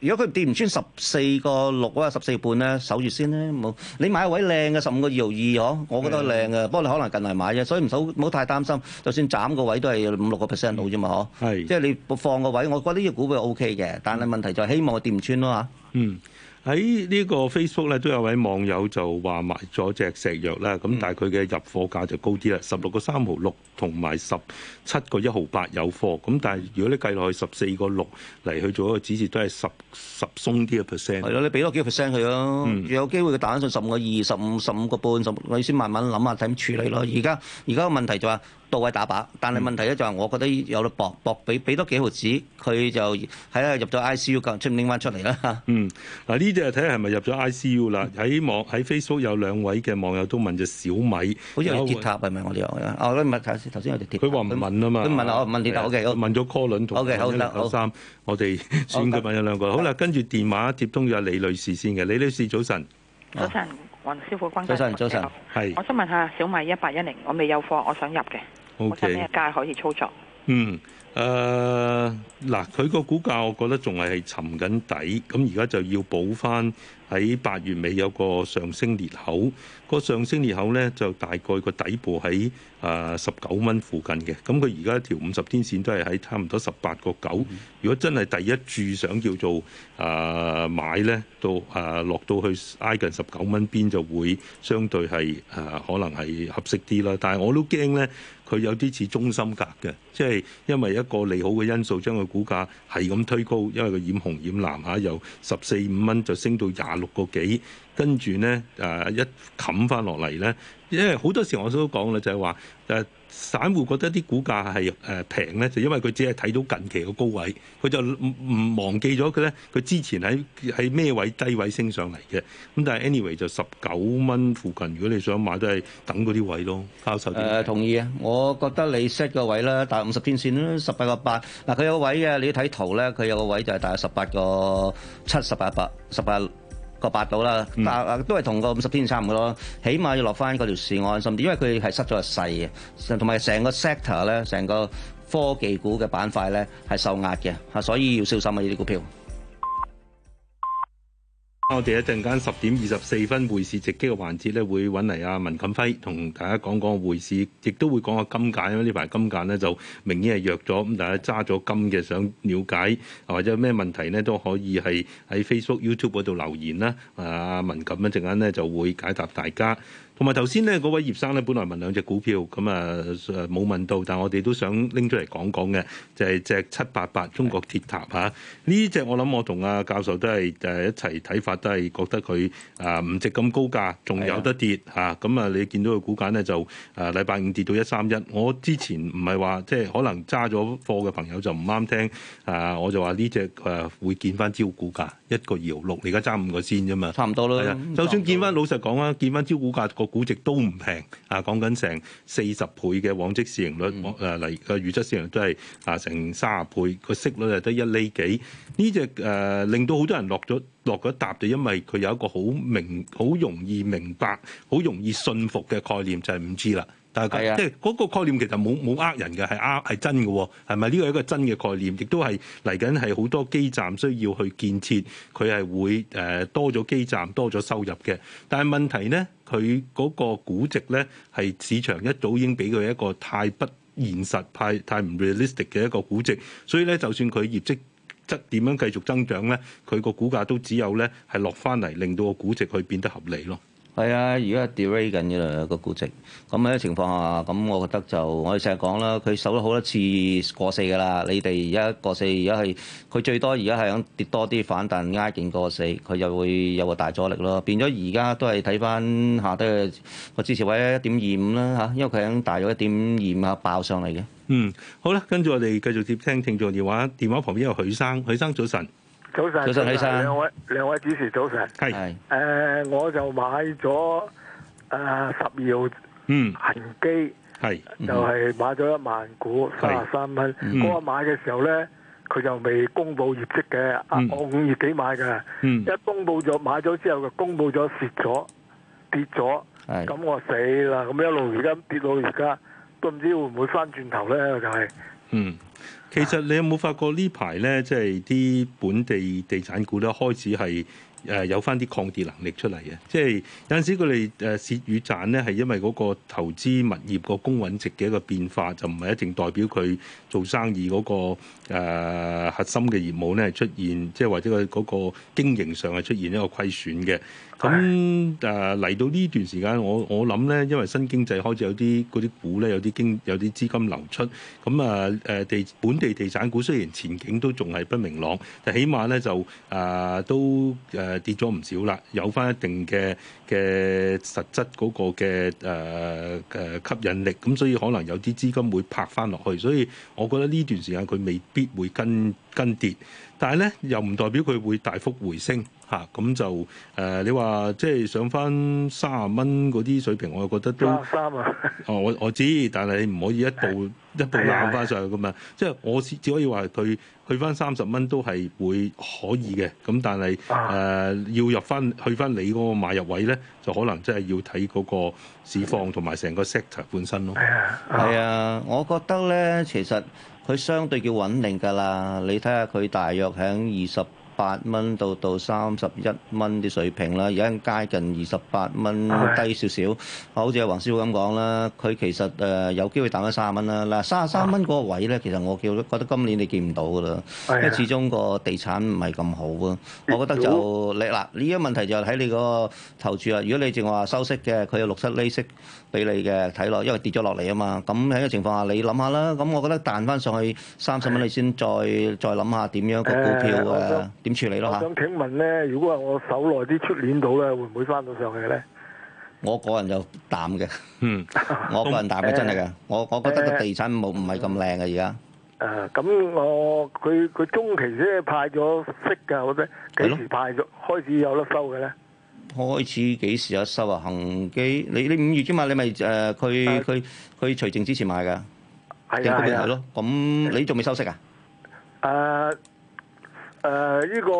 如果佢跌唔穿十四個六或者十四半咧，守住先咧。冇你買位靚嘅十五個二毫二呵，我覺得靚嘅。不過你可能近嚟買啫，所以唔好唔好太擔心。就算斬個位都係五六個 percent 好啫嘛，呵。係。即係你放個位，我覺得呢隻股票 OK 嘅，但係問題就係希望跌唔穿咯嚇。嗯。喺呢個 Facebook 咧都有位網友就話買咗隻石藥啦，咁但係佢嘅入貨價就高啲啦，十六個三毫六同埋十七個一毫八有貨，咁但係如果你計落去十四個六嚟去做一個指示都係十十鬆啲嘅 percent。係咯，你俾多幾個 percent 佢咯，有機會佢打上十五個二、十五十五個半，你先慢慢諗下睇點處理咯。而家而家個問題就話、是。到位打靶，但係問題咧就係，我覺得有得搏搏，俾俾多幾毫子，佢就係啊入咗 ICU，究竟拎翻出嚟啦。嗯，嗱呢隻睇下係咪入咗 ICU 啦？喺、嗯、網喺 Facebook 有兩位嘅網友都問著小米，好似鐵塔係咪我哋、這、有、個，哦，唔係頭先頭先我哋佢話唔問啊嘛，佢問我、啊、問鐵塔問咗 call 輪同埋 T 恤衫，我哋、啊 OK, OK, OK, OK, OK, OK, OK, OK, 算佢問咗兩個。OK, 好啦，跟住電話接通咗李女士先嘅，李女士早晨，早晨，黃師傅關，早晨早晨，係，我想問下小米一八一零，我未有貨，我想入嘅。睇咩價可以操作。嗯，誒、呃、嗱，佢個股價，我覺得仲係沉緊底，咁而家就要補翻喺八月尾有個上升裂口，個上升裂口呢，就大概個底部喺誒十九蚊附近嘅，咁佢而家一條五十天線都係喺差唔多十八個九，如果真係第一注想叫做誒、呃、買呢，到誒、呃、落到去挨近十九蚊邊就會相對係誒、呃、可能係合適啲啦，但係我都驚呢。佢有啲似中心格嘅，即係因為一個利好嘅因素將個股價係咁推高，因為佢染紅染藍嚇，由十四五蚊就升到廿六個幾，跟住咧誒一冚翻落嚟咧，因為好多時我都講啦，就係話誒。散戶覺得啲股價係誒平咧，就因為佢只係睇到近期個高位，佢就唔忘記咗佢咧。佢之前喺喺咩位低位升上嚟嘅咁，但係 anyway 就十九蚊附近。如果你想買，都係等嗰啲位咯。教授誒同意啊，我覺得你 set 個位啦，大五十天線啦，十八個八嗱，佢有個位嘅，你要睇圖咧，佢有個位就係大十八個七十八八十八。個八度啦，但都係同個五十天差唔多，起碼要落翻嗰條線岸，甚至因為佢係失咗勢嘅，同埋成個 sector 咧，成個科技股嘅板塊咧係受壓嘅，嚇，所以要小心啊！呢啲股票。我哋一陣間十點二十四分匯市直擊嘅環節咧，會揾嚟阿文錦輝同大家講講匯市，亦都會講下金價，因為呢排金價咧就明顯係弱咗，咁大家揸咗金嘅想了解，或者有咩問題咧都可以係喺 Facebook、YouTube 嗰度留言啦。啊，文錦一陣間咧就會解答大家。同埋頭先咧，嗰位葉生咧，本來問兩隻股票，咁啊冇問到，但係我哋都想拎出嚟講講嘅，就係隻七八八中國鐵塔嚇，呢隻我諗我同阿教授都係誒一齊睇法，都係覺得佢啊唔值咁高價，仲有得跌嚇。咁啊，你見到個股價咧就啊禮拜五跌到一三一，我之前唔係話即係可能揸咗貨嘅朋友就唔啱聽啊，我就話呢隻誒會見翻招股價一個二毫六，1, 2, 6, 你而家揸五個先啫嘛，差唔多咯。就算見翻老實講啊，見翻招股價估值都唔平啊！講緊成四十倍嘅往績市盈率，往誒嚟個預測市盈率都係啊成卅倍，個息率又得一厘幾。呢隻誒、呃，令到好多人落咗落咗搭嘅，就因為佢有一個好明、好容易明白、好容易信服嘅概念就係、是、5G 啦。但係即係嗰個概念其實冇冇呃人嘅，係呃係真嘅，係咪呢個係一個真嘅概念？亦都係嚟緊係好多基站需要去建設，佢係會誒、呃、多咗基站多咗收入嘅。但係問題呢。佢嗰個估值咧，係市場一早已經俾佢一個太不現實，太太唔 realistic 嘅一個估值，所以咧，就算佢業績質點樣繼續增長咧，佢個股價都只有咧係落翻嚟，令到個估值去變得合理咯。係啊，而家掉 rah 緊嘅啦個估值了，咁樣嘅情況下，咁我覺得就我哋成日講啦，佢守咗好多次過四㗎啦。你哋而家過四，而家係佢最多而家係想跌多啲反彈挨勁過四，佢又會有個大阻力咯。變咗而家都係睇翻下低個支持位一點二五啦嚇，因為佢響大咗一點二五啊爆上嚟嘅。嗯，好啦，跟住我哋繼續接聽聽眾電話，電話旁邊有許生，許生早晨。早晨，早晨，兩位兩位主持，早晨。係。誒、呃，我就買咗誒十二號，嗯，恆基，係，就係、係、買咗一萬股，卅三蚊。我、嗰個、買嘅時候咧，佢就未公佈業績嘅、嗯啊，我五月幾買嘅、嗯，一公佈咗買咗之後就布了了會會，就公佈咗蝕咗，跌咗，咁我死啦！咁一路而家跌到而家，都唔知會唔會翻轉頭咧，就係。嗯，其實你有冇發覺呢排呢？即係啲本地地產股咧開始係誒有返啲抗跌能力出嚟嘅，即係有陣時佢哋誒蝕與賺呢，係因為嗰個投資物業個公允值嘅一個變化，就唔係一定代表佢做生意嗰個呃核心嘅業務呢出現，即係或者佢嗰個經營上係出現一個虧損嘅。咁誒嚟到呢段時間，我我諗咧，因為新經濟開始有啲嗰啲股咧，有啲經有啲資金流出，咁啊地本地地產股雖然前景都仲係不明朗，但起碼咧就啊都啊跌咗唔少啦，有翻一定嘅嘅實質嗰個嘅誒、啊啊啊、吸引力，咁所以可能有啲資金會拍翻落去，所以我覺得呢段時間佢未必會跟跟跌。但係咧，又唔代表佢會大幅回升咁、啊、就誒、呃、你話即係上翻卅蚊嗰啲水平，我就覺得都卅三啊！ 哦，我我知，但係你唔可以一步 一步攬翻上去噶嘛， 即係我只可以話佢去翻三十蚊都係會可以嘅，咁但係誒、呃、要入翻去翻你嗰個買入位咧，就可能即係要睇嗰個市況同埋成個 sector 本身咯。係啊，係啊，我覺得咧，其實。佢相對叫穩定噶啦，你睇下佢大約響二十八蚊到到三十一蚊啲水平啦，而家接近二十八蚊低少少。好似阿黃師傅咁講啦，佢其實誒有機會彈翻三十蚊啦。嗱，三十三蚊嗰個位咧，yes。其實我叫覺得今年你見唔到噶啦，因為始終個地產唔係咁好啊。Yes。我覺得就你嗱呢一個問題就喺你個投注啦。如果你淨話收息嘅，佢有六七厘息俾你嘅睇落，因為跌咗落嚟啊嘛。咁喺個情況下，你諗下啦。咁我覺得彈翻上去三十蚊，你、yes。先再再諗下點樣個股票啊？Yes. Yes. Yes. Yes. Yes. 我想請問咧，如果話我守耐啲出年到咧，會唔會翻到上去咧？我個人就淡嘅，嗯，我個人淡嘅真係㗎，我我覺得個地產冇唔係咁靚嘅而家。誒，咁我佢佢中期先派咗息噶，或者幾時派咗開始有得收嘅咧？開始幾時有收啊？恒基，你你五月啫嘛？你咪誒，佢佢佢除證之前買噶，係啊係咯。咁你仲未收息啊？誒。誒、呃，呢、這個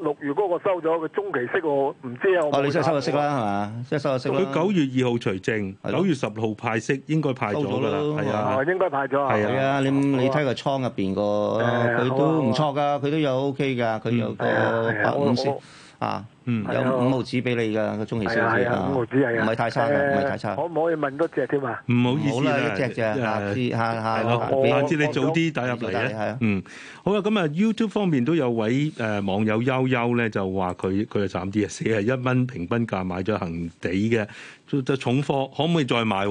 六月嗰個收咗佢中期息，我唔知有有試試啊，我你即係收咗息啦係嘛，即係收咗息，佢九月二號除淨，九月十號派息，應該派咗啦，係啊。應該派咗，係啊。係啊，啊，啊，你啊你睇個倉入邊個，佢、啊啊啊啊啊啊啊啊、都唔錯噶，佢、啊、都有 O K 噶，佢、啊、有個850，啊。嗯，有五毫紙俾你噶，我中意少少啊！五毫紙係唔係太差嘅，唔、呃、係太差、嗯。可唔可以問多隻添啊？唔好意思啦，一隻啫、呃，下次陪下陪下下，下次你早啲帶入嚟啊！嗯，好啦，咁啊，YouTube 方面都有位誒網友悠悠咧，就話佢佢啊慘啲啊，四十一蚊平均價買咗恒地嘅，就重貨，可唔可以再買？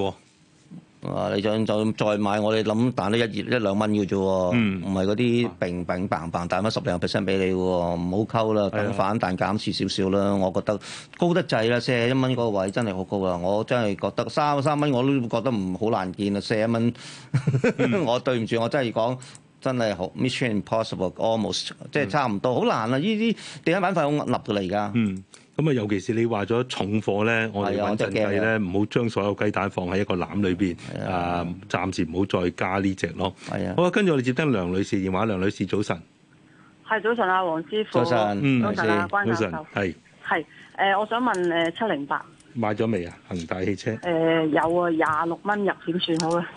你想再再買我？我哋諗但到一二一兩蚊嘅啫，唔係嗰啲平平棒棒賺翻十零 percent 俾你嘅，唔好溝啦，等反彈減少少少啦。哎、我覺得高得滯啦，四十一蚊嗰個位真係好高啦，我真係覺得三三蚊我都覺得唔好難見啊，四十一蚊， 我對唔住，我真係講真係好 mission impossible almost，即係差唔多，好難啊！呢啲第一板塊好立嘅啦，而家。嗯咁啊，尤其是你話咗重貨咧，我哋穩陣計咧，唔好將所有雞蛋放喺一個籃裏邊啊！暫時唔好再加呢隻咯。係啊，好啊，跟住我哋接聽梁女士，電話梁女士，早晨。係早晨阿黃師傅。早晨。早晨啊，關教授。係、呃、我想問誒，七零八買咗未啊？恒大汽車。誒、呃、有啊，廿六蚊入點算好啊？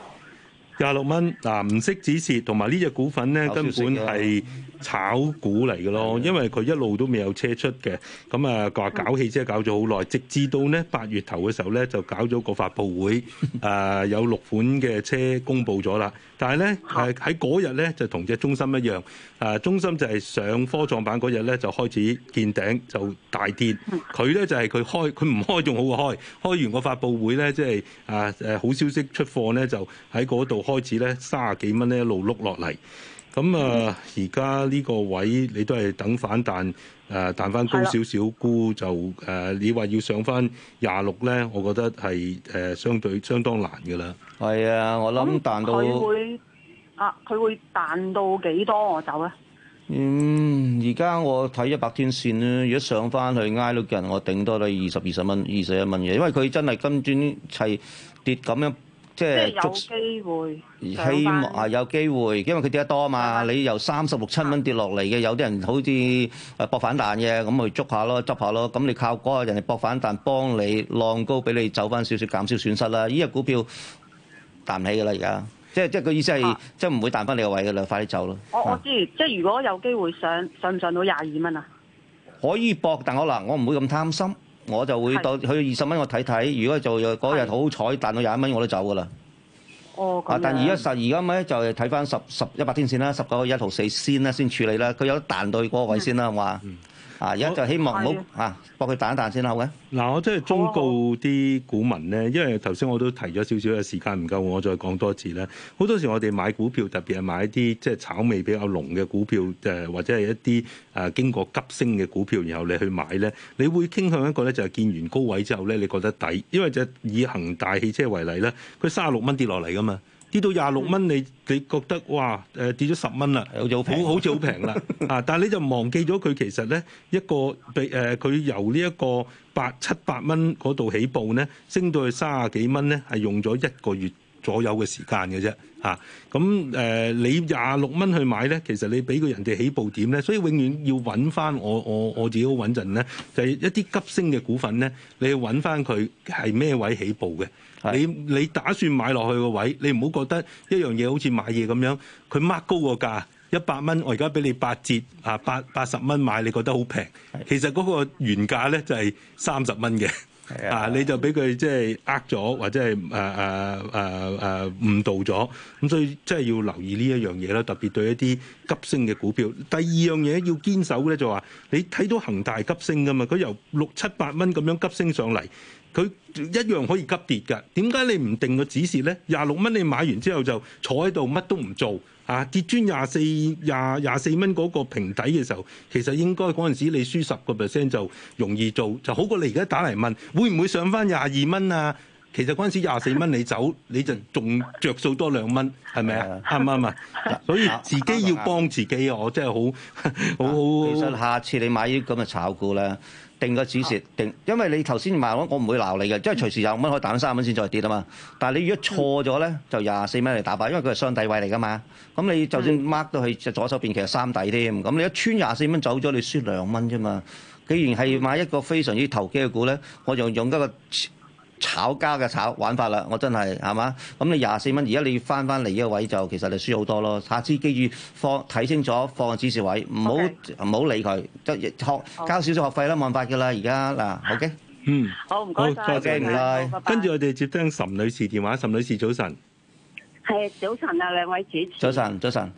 廿六蚊嗱，唔識止蝕，同埋呢隻股份咧，根本係。炒股嚟嘅咯，因為佢一路都未有車出嘅，咁啊話搞汽車搞咗好耐，直至到呢八月頭嘅時候呢，就搞咗個發佈會，啊有六款嘅車公佈咗啦，但係呢喺嗰日呢，就同隻中芯一樣，啊中芯就係上科創板嗰日呢，就開始見頂就大跌，佢呢，就係佢開佢唔開仲好過開，開完個發佈會呢，即係啊誒好消息出貨呢，就喺嗰度開始呢，三十幾蚊呢，一路碌落嚟。咁、嗯、啊，而家呢個位你都係等反彈，誒彈翻高少少，估就誒你話要上翻廿六咧，我覺得係誒相對相當難嘅啦。係啊，我諗彈到，佢、嗯、會啊，佢會彈到幾多我走啊？嗯，而家我睇一百天線咧，如果上翻去挨六日，我頂多都二十二十蚊、二十一蚊嘅，因為佢真係今轉砌跌咁樣。即係有機會，希望啊有機會，因為佢跌得多嘛啊嘛。你由三十六七蚊跌落嚟嘅，有啲人好似博反彈嘅，咁咪捉下咯，執下咯。咁你靠個，人哋博反彈幫你浪高，俾你走翻少少，減少損失啦。依隻股票彈起㗎啦，而家即係即係個意思係、啊、即係唔會彈翻你個位㗎啦，快啲走咯。我我知、嗯，即係如果有機會上，上唔上到廿二蚊啊？可以博，但我嗱，我唔會咁貪心。我就會到去二十蚊，我睇睇，如果就嗰日好彩彈到廿一蚊，我都走噶啦。哦，但而家十二家蚊就係睇翻十十一百天線啦，十九個一毫四先啦，先處理啦。佢有得彈到去嗰個位先啦，係嘛？啊！而家就希望唔好啊，搏佢彈一彈先好嘅。嗱，我真係忠告啲股民咧、啊，因為頭先我都提咗少少嘅時間唔夠，我再講多次啦。好多時我哋買股票，特別係買一啲即係炒味比較濃嘅股票，誒或者係一啲誒經過急升嘅股票，然後你去買咧，你會傾向一個咧就係見完高位之後咧，你覺得抵。因為就以恒大汽車為例咧，佢三十六蚊跌落嚟噶嘛。跌到廿六蚊，你你覺得哇？誒跌咗十蚊啦，好好好似好平啦啊！ 但係你就忘記咗佢其實咧一個誒，佢、呃、由呢一個八七百蚊嗰度起步咧，升到去三十幾蚊咧，係用咗一個月左右嘅時間嘅啫啊！咁、呃、誒，你廿六蚊去買咧，其實你俾個人哋起步點咧，所以永遠要揾翻我我我自己好穩陣咧，就係、是、一啲急升嘅股份咧，你要揾翻佢係咩位起步嘅。你你打算買落去個位，你唔好覺得一樣嘢好似買嘢咁樣，佢 mark 高個價一百蚊，我而家俾你八折啊，八八十蚊買，你覺得好平。其實嗰個原價呢就係三十蚊嘅，啊你就俾佢即係呃咗，或者係誒誒誒誒誤導咗。咁所以即係要留意呢一樣嘢啦，特別對一啲急升嘅股票。第二樣嘢要堅守呢，就話你睇到恒大急升噶嘛，佢由六七百蚊咁樣急升上嚟，佢。一樣可以急跌㗎，點解你唔定個止蝕呢？廿六蚊你買完之後就坐喺度乜都唔做嚇、啊，跌穿廿四、廿廿四蚊嗰個平底嘅時候，其實應該嗰陣時候你輸十個 percent 就容易做，就好過你而家打嚟問會唔會上返廿二蚊啊？其實嗰陣時廿四蚊你走你就仲着數多兩蚊，係咪啊？啱唔啱啊？ 所以自己要幫自己啊！ 我真係好，好、嗯、好。其 實、嗯、 下次你買啲咁嘅炒股咧，定個止蝕、啊、定，因為你頭先買我唔會鬧你嘅，即係隨時廿五蚊可以打，三十先再跌啊嘛。但係你如果錯咗咧，就廿四蚊嚟打靶，因為佢係雙底位嚟噶嘛。咁你就算 mark 到去左手邊，其實三底添。咁你一穿廿四蚊走咗，你蝕兩蚊啫嘛。既然係買一個非常之投機嘅股咧，我就用得。個。炒家嘅炒玩法啦，我真係係嘛。咁你廿四蚊，而家你翻翻嚟呢個位就其實你輸好多咯。下次記住放，睇清楚放指示位，唔好唔好理佢，即學、oh。交少少學費啦，冇辦法噶啦而家嗱，好嘅，okay。嗯，好唔該，多謝唔該，跟住我哋接聽岑女士電話。岑女士早晨，係早晨啊，兩位主持，早晨早晨，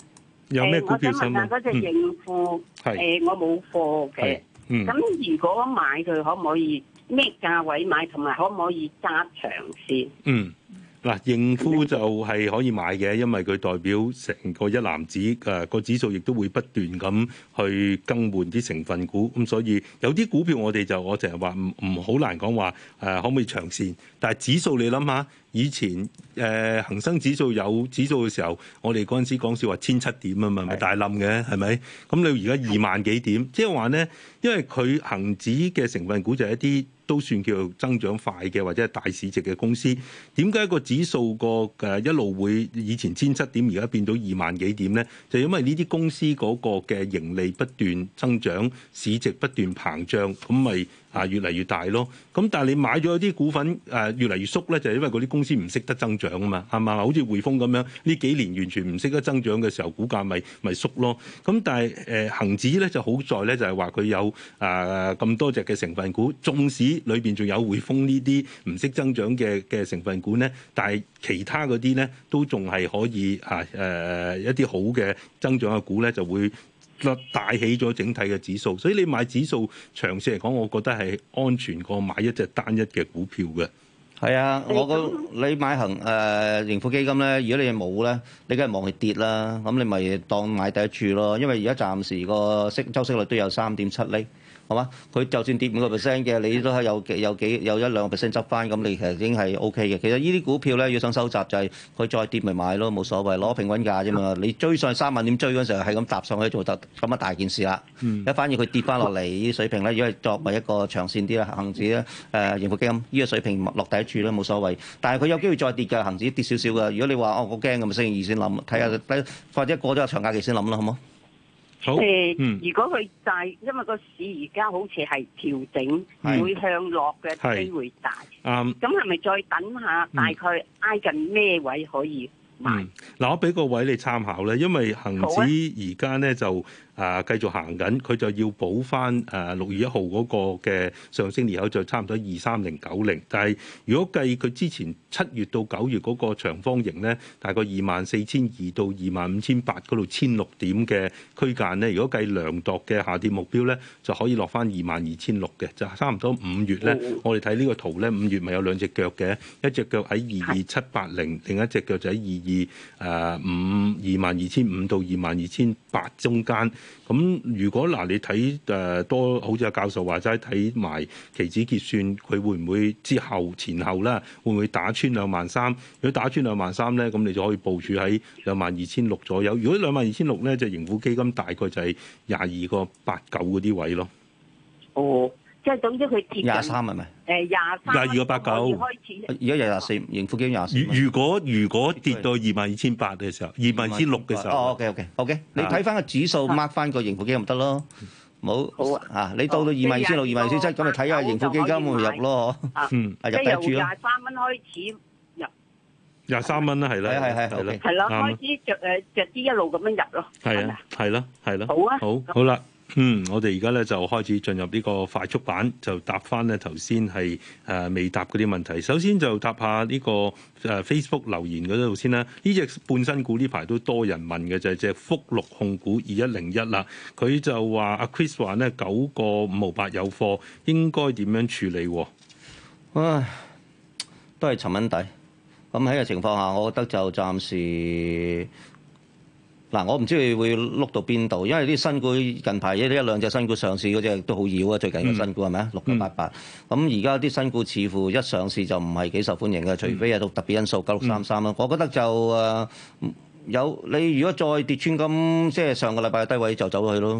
有咩股票想問？嗯、欸，我想問嗰隻盈富，我冇貨嘅，嗯、咁、欸嗯、如果買佢可唔可以？咩價位買，同埋可唔可以揸長線？嗯，嗱，應付就係可以買嘅，因為佢代表成個一籃子，誒、呃、個指數，亦都會不斷咁去更換啲成分股，咁、嗯、所以有啲股票我哋就我成日話唔唔好難講話誒可唔可以長線，但係指數你諗下。以前誒恆生指數有指數嘅時候，我哋嗰陣時講笑話千七點啊嘛，咪大冧嘅係咪？咁你而家二萬幾點？即係話咧，因為佢恒指嘅成分股就係一啲都算叫增長快嘅，或者係大市值嘅公司。點解個指數個誒一路會以前千七點，而家變到二萬幾點咧？就因為呢啲公司嗰個嘅盈利不斷增長，市值不斷膨脹，咁咪。啊，越嚟越大咯。咁但係你買咗啲股份，誒越嚟越縮咧，就係、是、因為嗰啲公司唔識得增長啊嘛，係嘛？好似匯豐咁樣，呢幾年完全唔識得增長嘅時候，股價咪咪縮咯。咁但係誒恆指咧就好在咧，就係話佢有啊咁、呃、多隻嘅成分股，縱使裏邊仲有匯豐呢啲唔識增長嘅嘅成分股咧，但係其他嗰啲咧都仲係可以啊誒、呃、一啲好嘅增長嘅股咧就會。就帶起咗整體嘅指數，所以你買指數長線嚟講，我覺得係安全過買一隻單一嘅股票嘅。係啊，我你買恆誒盈富基金咧，如果你冇咧，你梗係望佢跌啦。咁你咪當買第一處咯，因為而家暫時個息周息率都有三點七厘。係嘛？佢就算跌五個 percent 嘅，你都係有幾有幾有一兩個 percent 執翻，咁你其實已經係 OK 嘅。其實呢啲股票咧，要想收集就係、是、佢再跌咪買咯，冇所謂攞平均價啫嘛。你追上三萬點追嗰陣時係咁搭上去做得咁一大件事啦。一、嗯、反而佢跌翻落嚟依啲水平咧，如果係作為一個長線啲啦，恒指咧誒盈富基金依個水平落底住咧冇所謂。但係佢有機會再跌㗎，恒指跌少少嘅。如果你話哦好驚咁咪星期二先諗睇下，或者過咗長假期先諗啦，好冇？誒、嗯，如果佢滯，因為個市而家好似係調整，會向落嘅機會大。咁係咪再等下，大概挨近咩位可以買？嗱、嗯嗯，我俾個位你參考咧，因為恒指而家咧就。啊！繼續行緊，佢就要補翻誒六月一號嗰個嘅上升裂口，就差唔多二三零九零。但係如果計佢之前七月到九月嗰個長方形呢，大概二萬四千二到二萬五千八嗰度，千六點嘅區間呢，如果計量度嘅下跌目標呢，就可以落翻二萬二千六嘅，就差唔多五月呢，oh. 我哋睇呢個圖呢，五月咪有兩隻腳嘅，一隻腳喺二二七八零，另一隻腳就喺二二誒五二萬二千五到二萬二千八中間。咁如果嗱，你睇誒多，好似阿教授話齋睇埋期指結算，佢會唔會之後前後咧？會唔會打穿兩萬三？如果打穿兩萬三咧，咁你就可以部署喺兩萬二千六左右。如果兩萬二千六咧，就盈富基金大概就係廿二個八九嗰啲位咯。哦。即係總之佢跌咗，誒廿三，廿二個八九，而家廿廿四，盈富基金廿四。如如果如果跌到二萬二千八嘅時候，二萬二千六嘅時候，哦，OK OK OK，你睇翻個指數，mark 翻個盈富基金咪得咯，冇啊，你到到二萬二千六、二萬二千七，咁就睇下盈富基金有冇入咯，嚇，嗯，即係由廿三蚊開始入，廿三蚊啦，係啦，係係係啦，係啦，開始著誒著啲一路咁樣入咯，係啊，係咯，係咯，好啊，好，好啦。嗯，我哋而家咧就開始進入呢個快速版，就答翻咧頭先係誒未答嗰啲問題。首先就答下呢個誒 Facebook 留言嗰度先啦。呢隻半新股呢排都多人問嘅就係、是、隻福祿控股二一零一啦。佢就話阿 Chris 話呢九個五毫八有貨，應該點樣處理？唉，都係沉穩底。咁喺個情況下，我覺得就暫時。嗱，我唔知佢會碌到邊度，因為啲新股近排一兩隻新股上市嗰隻都好妖啊！最近個新股係咪啊？六九八八，咁而家啲新股似乎一上市就唔係幾受歡迎嘅，除非係到特別因素，九六三三啦。我覺得就誒。呃有你如果再跌穿，咁即係上個禮拜低位就走去咯，如果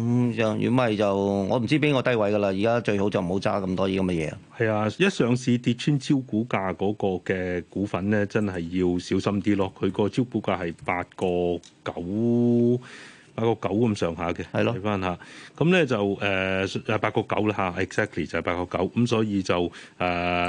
唔係就我唔知邊個低位噶啦，而家最好就唔好揸咁多依啲咁嘅嘢啊。係啊，一上市跌穿招股價嗰個嘅股份咧，真係要小心啲咯。佢個招股價係八個九。八個九咁上下嘅，睇翻下，咁咧就八個九啦 exactly 就係八個九，咁、啊 exactly、所以就誒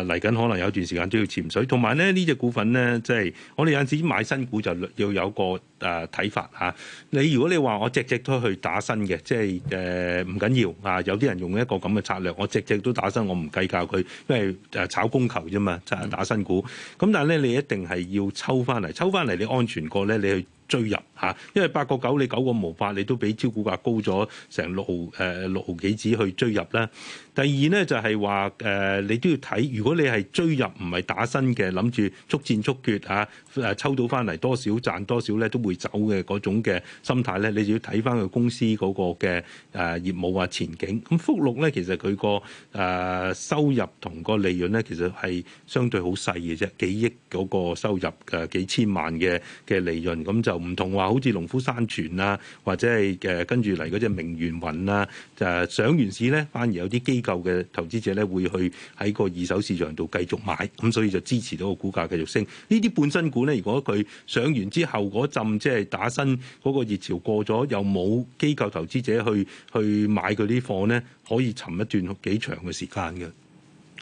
嚟緊可能有段時間都要潛水，同埋咧呢隻、這個、股份咧，即、就、係、是、我哋有陣時買新股就要有個誒睇、呃、法、啊、你如果你話我隻隻都去打新嘅，即、就是呃、係誒唔緊要啊，有啲人用一個咁嘅策略，我隻隻都打新，我唔計較佢，因為炒供求啫嘛，打新股。咁、嗯、但係咧，你一定係要抽翻嚟，抽翻嚟你安全過咧，你去追入吓，因為八個九你九個毛法，你都比招股價高咗成六毫誒、呃、六毫幾子去追入咧。第二咧就係話誒你都要睇，如果你係追入唔係打新嘅，諗住速戰速決嚇，誒、啊、抽到翻嚟多少賺多少咧，都會走嘅嗰種嘅心態咧，你就要睇翻佢公司嗰個嘅誒業務啊前景。咁福禄咧，其實佢個誒收入同個利潤咧，其實係相對好細嘅啫，幾億嗰個收入誒幾千萬嘅嘅利潤咁就。唔同話，好似農夫山泉啊，或者係誒跟住嚟嗰隻明源雲啊，就係上完市咧，反而有啲機構嘅投資者咧，會去喺個二手市場度繼續買，咁所以就支持到個股價繼續升。呢啲半新股咧，如果佢上完之後嗰陣即係、就是、打新嗰個熱潮過咗，又冇機構投資者去去買佢啲貨咧，可以沉一段幾長嘅時間嘅。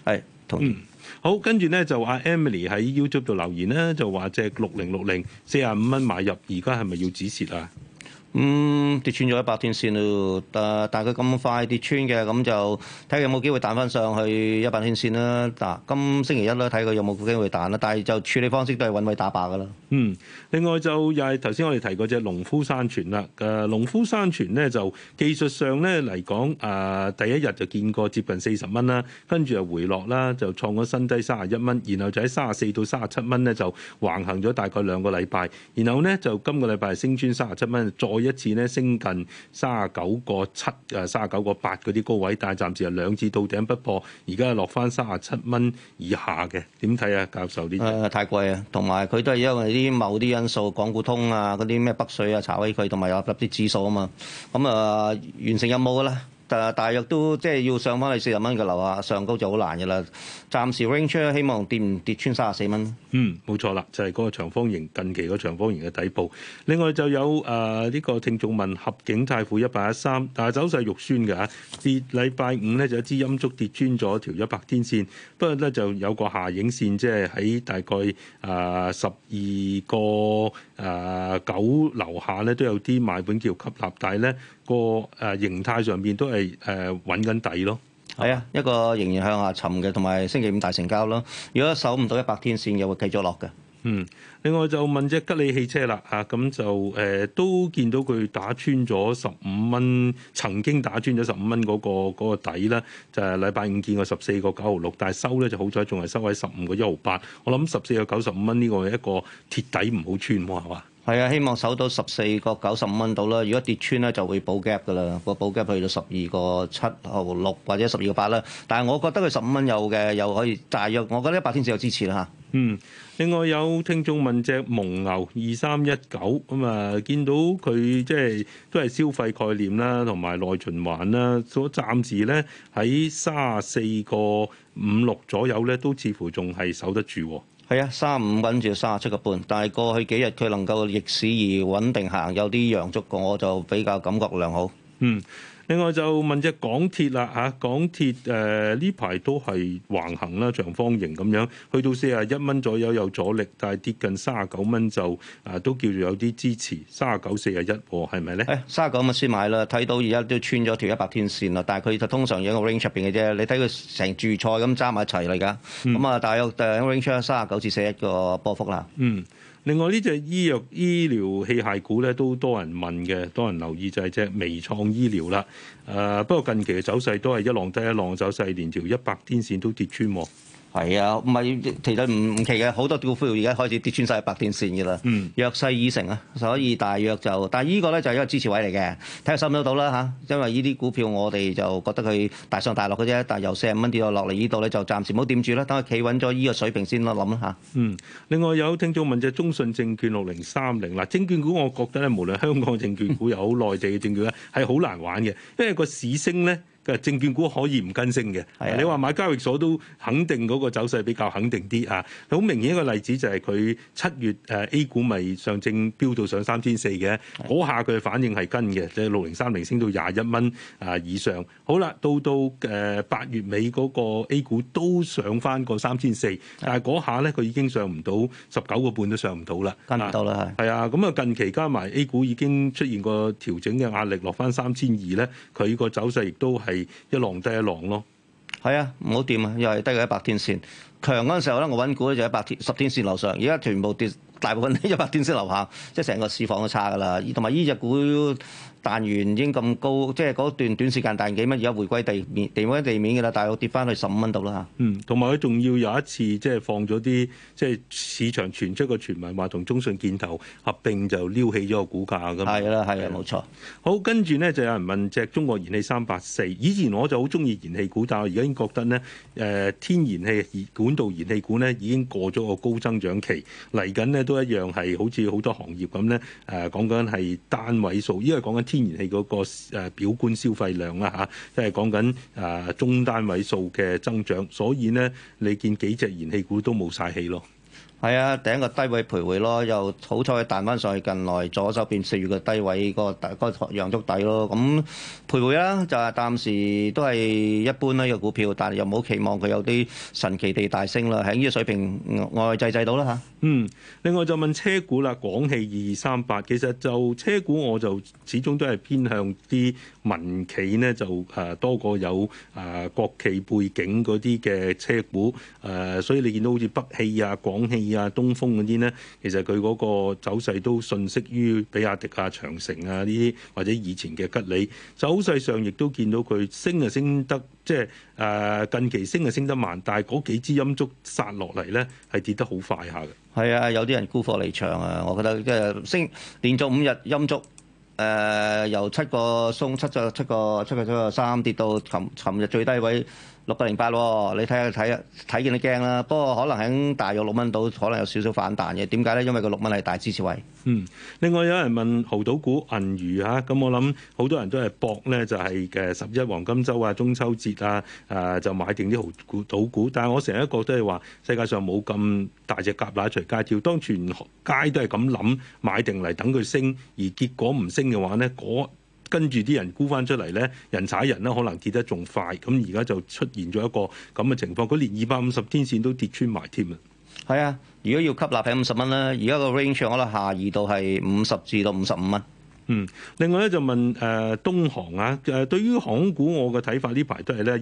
係，嗯。好，跟住咧就阿 Emily 喺 YouTube 度留言咧，就話即六零六零四廿五蚊買入，而家係咪要止蝕啊？咁、嗯、跌穿咗一百天線咯，誒，但係佢咁快跌穿嘅，咁就睇下有冇機會彈翻上去一百天線啦。嗱，今星期一啦，睇佢有冇機會彈啦。但係就處理方式都係揾位打靶噶啦。嗯，另外就又係頭先我哋提過隻農夫山泉啦。誒、啊，農夫山泉咧就技術上咧嚟講，誒、啊，第一日就見過接近四十蚊啦，跟住又回落啦，就創咗新低三十一蚊，然後就喺三十四到三十七蚊咧就橫行咗大概兩個禮拜，然後咧就今個禮拜升穿三十七蚊，再一次咧升近三十九個七，誒、三十九個八嗰啲高位，但係暫時係兩次到頂不破，而家落翻三十七蚊以下嘅，點睇啊教授呢？誒、呃、太貴啊，同埋佢都係因為啲某啲因素，港股通啊嗰啲咩北水啊、茶威會同埋有入啲指數啊嘛，咁、嗯、啊、呃、完成任務㗎啦。大大約都即係要上翻去四十蚊嘅樓啊，上高就好難嘅啦。暫時 range 出，希望跌唔跌穿三十四蚊。嗯，冇錯啦，就係、是、嗰個長方形，近期個長方形嘅底部。另外就有誒呢、呃這個聽眾問合景泰富一八一三，但係走勢肉酸嘅吓，跌禮拜五呢，就一支陰燭跌穿咗條一百天線，不過咧就有個下影線，即係喺大概誒十二個誒九、呃、樓下咧都有啲買本叫吸納呢，但係咧。個誒形態上邊都係誒搵緊底咯，係啊，一個仍然向下沉嘅，同埋星期五大成交咯。如果守唔到一百天線，又會繼續落嘅。嗯，另外就問隻吉利汽車啦，啊，咁就誒都見到佢打穿咗十五蚊，曾經打穿咗十五蚊嗰個、嗰個底啦。就係禮拜五見過十四個九毫六，但係收咧就好彩，仲係收喺十五個一毫八。我諗十四個九十五蚊呢個係一個鐵底唔好穿，係嘛？係啊，希望守到十四個九十五蚊度啦。如果跌穿咧，就會補 gap 㗎啦。個補 gap 去到十二個七號六或者十二個八啦。但係我覺得佢十五蚊有嘅，又可以大約。我覺得一百天線有支持啦嚇。嗯，另外有聽眾問隻蒙牛二三一九咁啊，見到佢即係都係消費概念啦，同埋內循環啦。所暫時咧喺三十四個五六左右咧，都似乎仲係守得住。係啊，三十五跟住三十七個半，但係過去幾日佢能夠逆市而穩定行，有啲陽足嘅，我就比較感覺良好。嗯。另外就問隻港鐵啦嚇，港鐵誒呢排都係橫行啦，長方形咁樣，去到四十一蚊左右有阻力，但係跌近三十九蚊就啊都叫做有啲支持，三十九四十一喎，係咪咧？三十九咪先買啦，睇到而家都穿咗條一百天線啦，但係佢就通常養個 range 入邊嘅啫，你睇佢成住菜咁揸埋一齊嚟㗎，咁啊大約誒 range 出三十九至四一個波幅啦。嗯。嗯。另外呢隻醫藥醫療器械股咧，都多人問嘅，多人留意就係隻微創醫療啦。誒，不過近期嘅走勢都係一浪低一浪走勢，連條一百天線都跌穿喎。係啊，唔係，其實唔唔奇嘅，好多股票而家開始跌穿晒百天線嘅啦，嗯，弱勢已成啊，所以大約就，但係依個咧就係一個支持位嚟嘅，睇下收唔收到啦嚇，因為依啲股票我哋就覺得佢大上大落嘅啫，但由四十蚊跌到落嚟呢度咧，就暫時唔好掂住啦，等佢企穩咗依個水平先啦，諗啦嚇，嗯，另外有聽眾問就中信證券六零三零嗱，證券股我覺得咧，無論香港證券股又好 內地嘅證券咧，係好難玩嘅，因為個市升咧。誒證券股可以唔跟升嘅，你話買交易所都肯定嗰個走勢比較肯定啲嚇。好明顯一個例子就係佢七月誒 A 股咪上證飆到上三千四嘅，嗰下佢反應係跟嘅，即係六零三零升到廿一蚊啊以上。好啦，到到誒八月尾嗰個 A 股都上翻個三千四，但係嗰下咧佢已經上唔到十九個半都上唔到啦。跟唔到啦係。啊，咁啊近期加埋 A 股已經出現個調整嘅壓力，落翻三千二咧，佢個走勢亦都係。一浪低一浪咯，係啊，唔好掂啊，又係低過一百天線，強嗰陣時候咧，我揾股咧就喺一百天十天線樓上，而家全部跌，大部分都一百天線樓下，即係成個市況都差噶啦，同埋呢隻股。但元已經咁高，即係嗰段短時間，但幾蚊，而家回歸地面地位地面㗎啦，大約跌翻去十五蚊度啦嚇。嗯，同埋佢仲要有一次即係放咗啲，即係市場傳出個傳聞話同中信建投合併就撩起咗個股價㗎嘛。係啦，係啊，冇錯。好，跟住呢，就有人問隻中國燃氣三八四，以前我就好中意燃氣股但我而家已經覺得呢，誒、呃，天然氣管道、燃氣管呢已經過咗個高增長期，嚟緊呢，都一樣係好似好多行業咁呢，誒、呃，講緊係單位數，因為講緊。天然氣嗰個表觀消費量啦嚇，即係講緊中單位數嘅增長，所以咧，你見幾隻燃氣股都冇晒氣咯。係啊，頂個低位徘徊咯，又好彩彈翻上去，近來左手邊四月個低位、嗰個大個陽足底咯。咁徘徊啦，就係暫時都係一般啦，個股票，但係又冇期望佢有啲神奇地大升啦。喺呢個水平外滯滯到啦吓，嗯，另外就問車股啦，廣汽二二三八，其實就車股我就始終都係偏向啲民企呢，就誒多過有誒國企背景嗰啲嘅車股誒，所以你見到好似北汽啊、廣汽。啊，東風嗰啲呢，其實佢嗰個走勢都遜色於比亞迪啊、長城啊呢啲，或者以前嘅吉利走勢上，亦都見到佢升啊升得，即係誒近期升啊升得慢，但係嗰幾支陰燭殺落嚟呢，係跌得好快下嘅。係啊，有啲人沽貨離場啊，我覺得即係升連續五日陰燭，誒、呃、由七個鬆七個七個七個左右三跌到尋尋日最低位。六百零八喎，看看你睇下睇下，睇見都驚啦。不過可能喺大約六蚊度，可能有少少反彈嘅。點解咧？因為個六蚊係大支持位。嗯，另外有人問豪賭股銀娛嚇，咁我諗好多人都係博咧，就係嘅十一黃金周啊、中秋節啊，誒、呃、就買定啲豪股賭股。但係我成日一個都係話世界上冇咁大隻蛤乸隨街跳，當全街都係咁諗買定嚟等佢升，而結果唔升嘅話咧，跟住啲人沽翻出嚟咧，人踩人啦，可能跌得仲快。咁而家就出現咗一個咁嘅情況，佢連二百五十天線都跌穿埋添啊！係啊，如果要吸納喺五十蚊啦，而家個 range 上咗啦，可能下移到係五十至到五十五蚊。嗯，另外咧就問誒、呃、東航啊，誒對於航空股我嘅睇法呢排都係咧要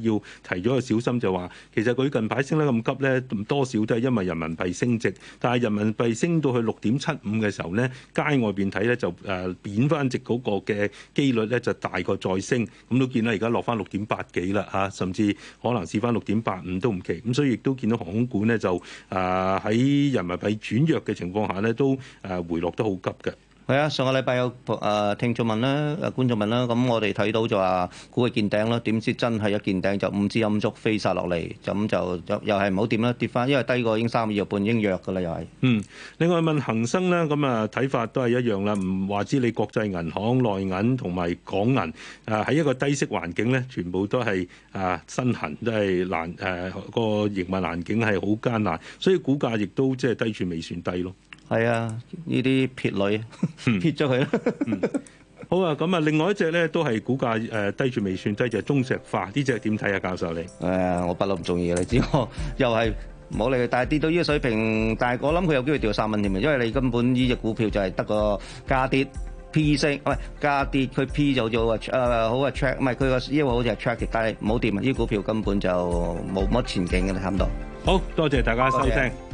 提咗個小心，就話其實佢近排升得咁急咧，多少都係因為人民幣升值，但係人民幣升到去六點七五嘅時候咧，街外邊睇咧就誒、呃、貶翻值嗰個嘅機率咧就大過再升，咁都見到而家落翻六點八幾啦嚇，甚至可能試翻六點八五都唔奇，咁所以亦都見到航空股咧就誒喺、呃、人民幣轉弱嘅情況下咧都誒回落得好急嘅。係啊，上個禮拜有誒聽眾問啦，誒觀眾問啦，咁我哋睇到就話估計見頂啦，點知真係一見頂就五至暗足飛晒落嚟，就咁就又又係唔好掂啦，跌翻，因為低過已經三個月半應弱嘅啦，又係。嗯，另外問恒生啦，咁啊睇法都係一樣啦，唔話知你國際銀行、內銀同埋港銀啊，喺一個低息環境咧，全部都係啊，身痕都係難誒個營運環境係好艱難，所以股價亦都即係低處未算低咯。係啊，呢啲撇女，嗯、撇咗佢啦。 好啊，咁啊，另外一隻咧都係股價誒低住未算低，就係中石化。呢隻係點睇啊，教授你？誒、哎，我不嬲唔中意你知我又係冇理佢。但係跌到呢個水平，但係我諗佢有機會掉三蚊添啊，因為你根本呢隻股票就係得個加跌，P 升，喂，加跌，佢 P 就做啊，誒，好啊，track，唔係佢個因為好似係 track 但係冇掂啊，呢隻股票根本就冇乜前景嘅啦，你睇唔到。好多謝大家收聽。Okay.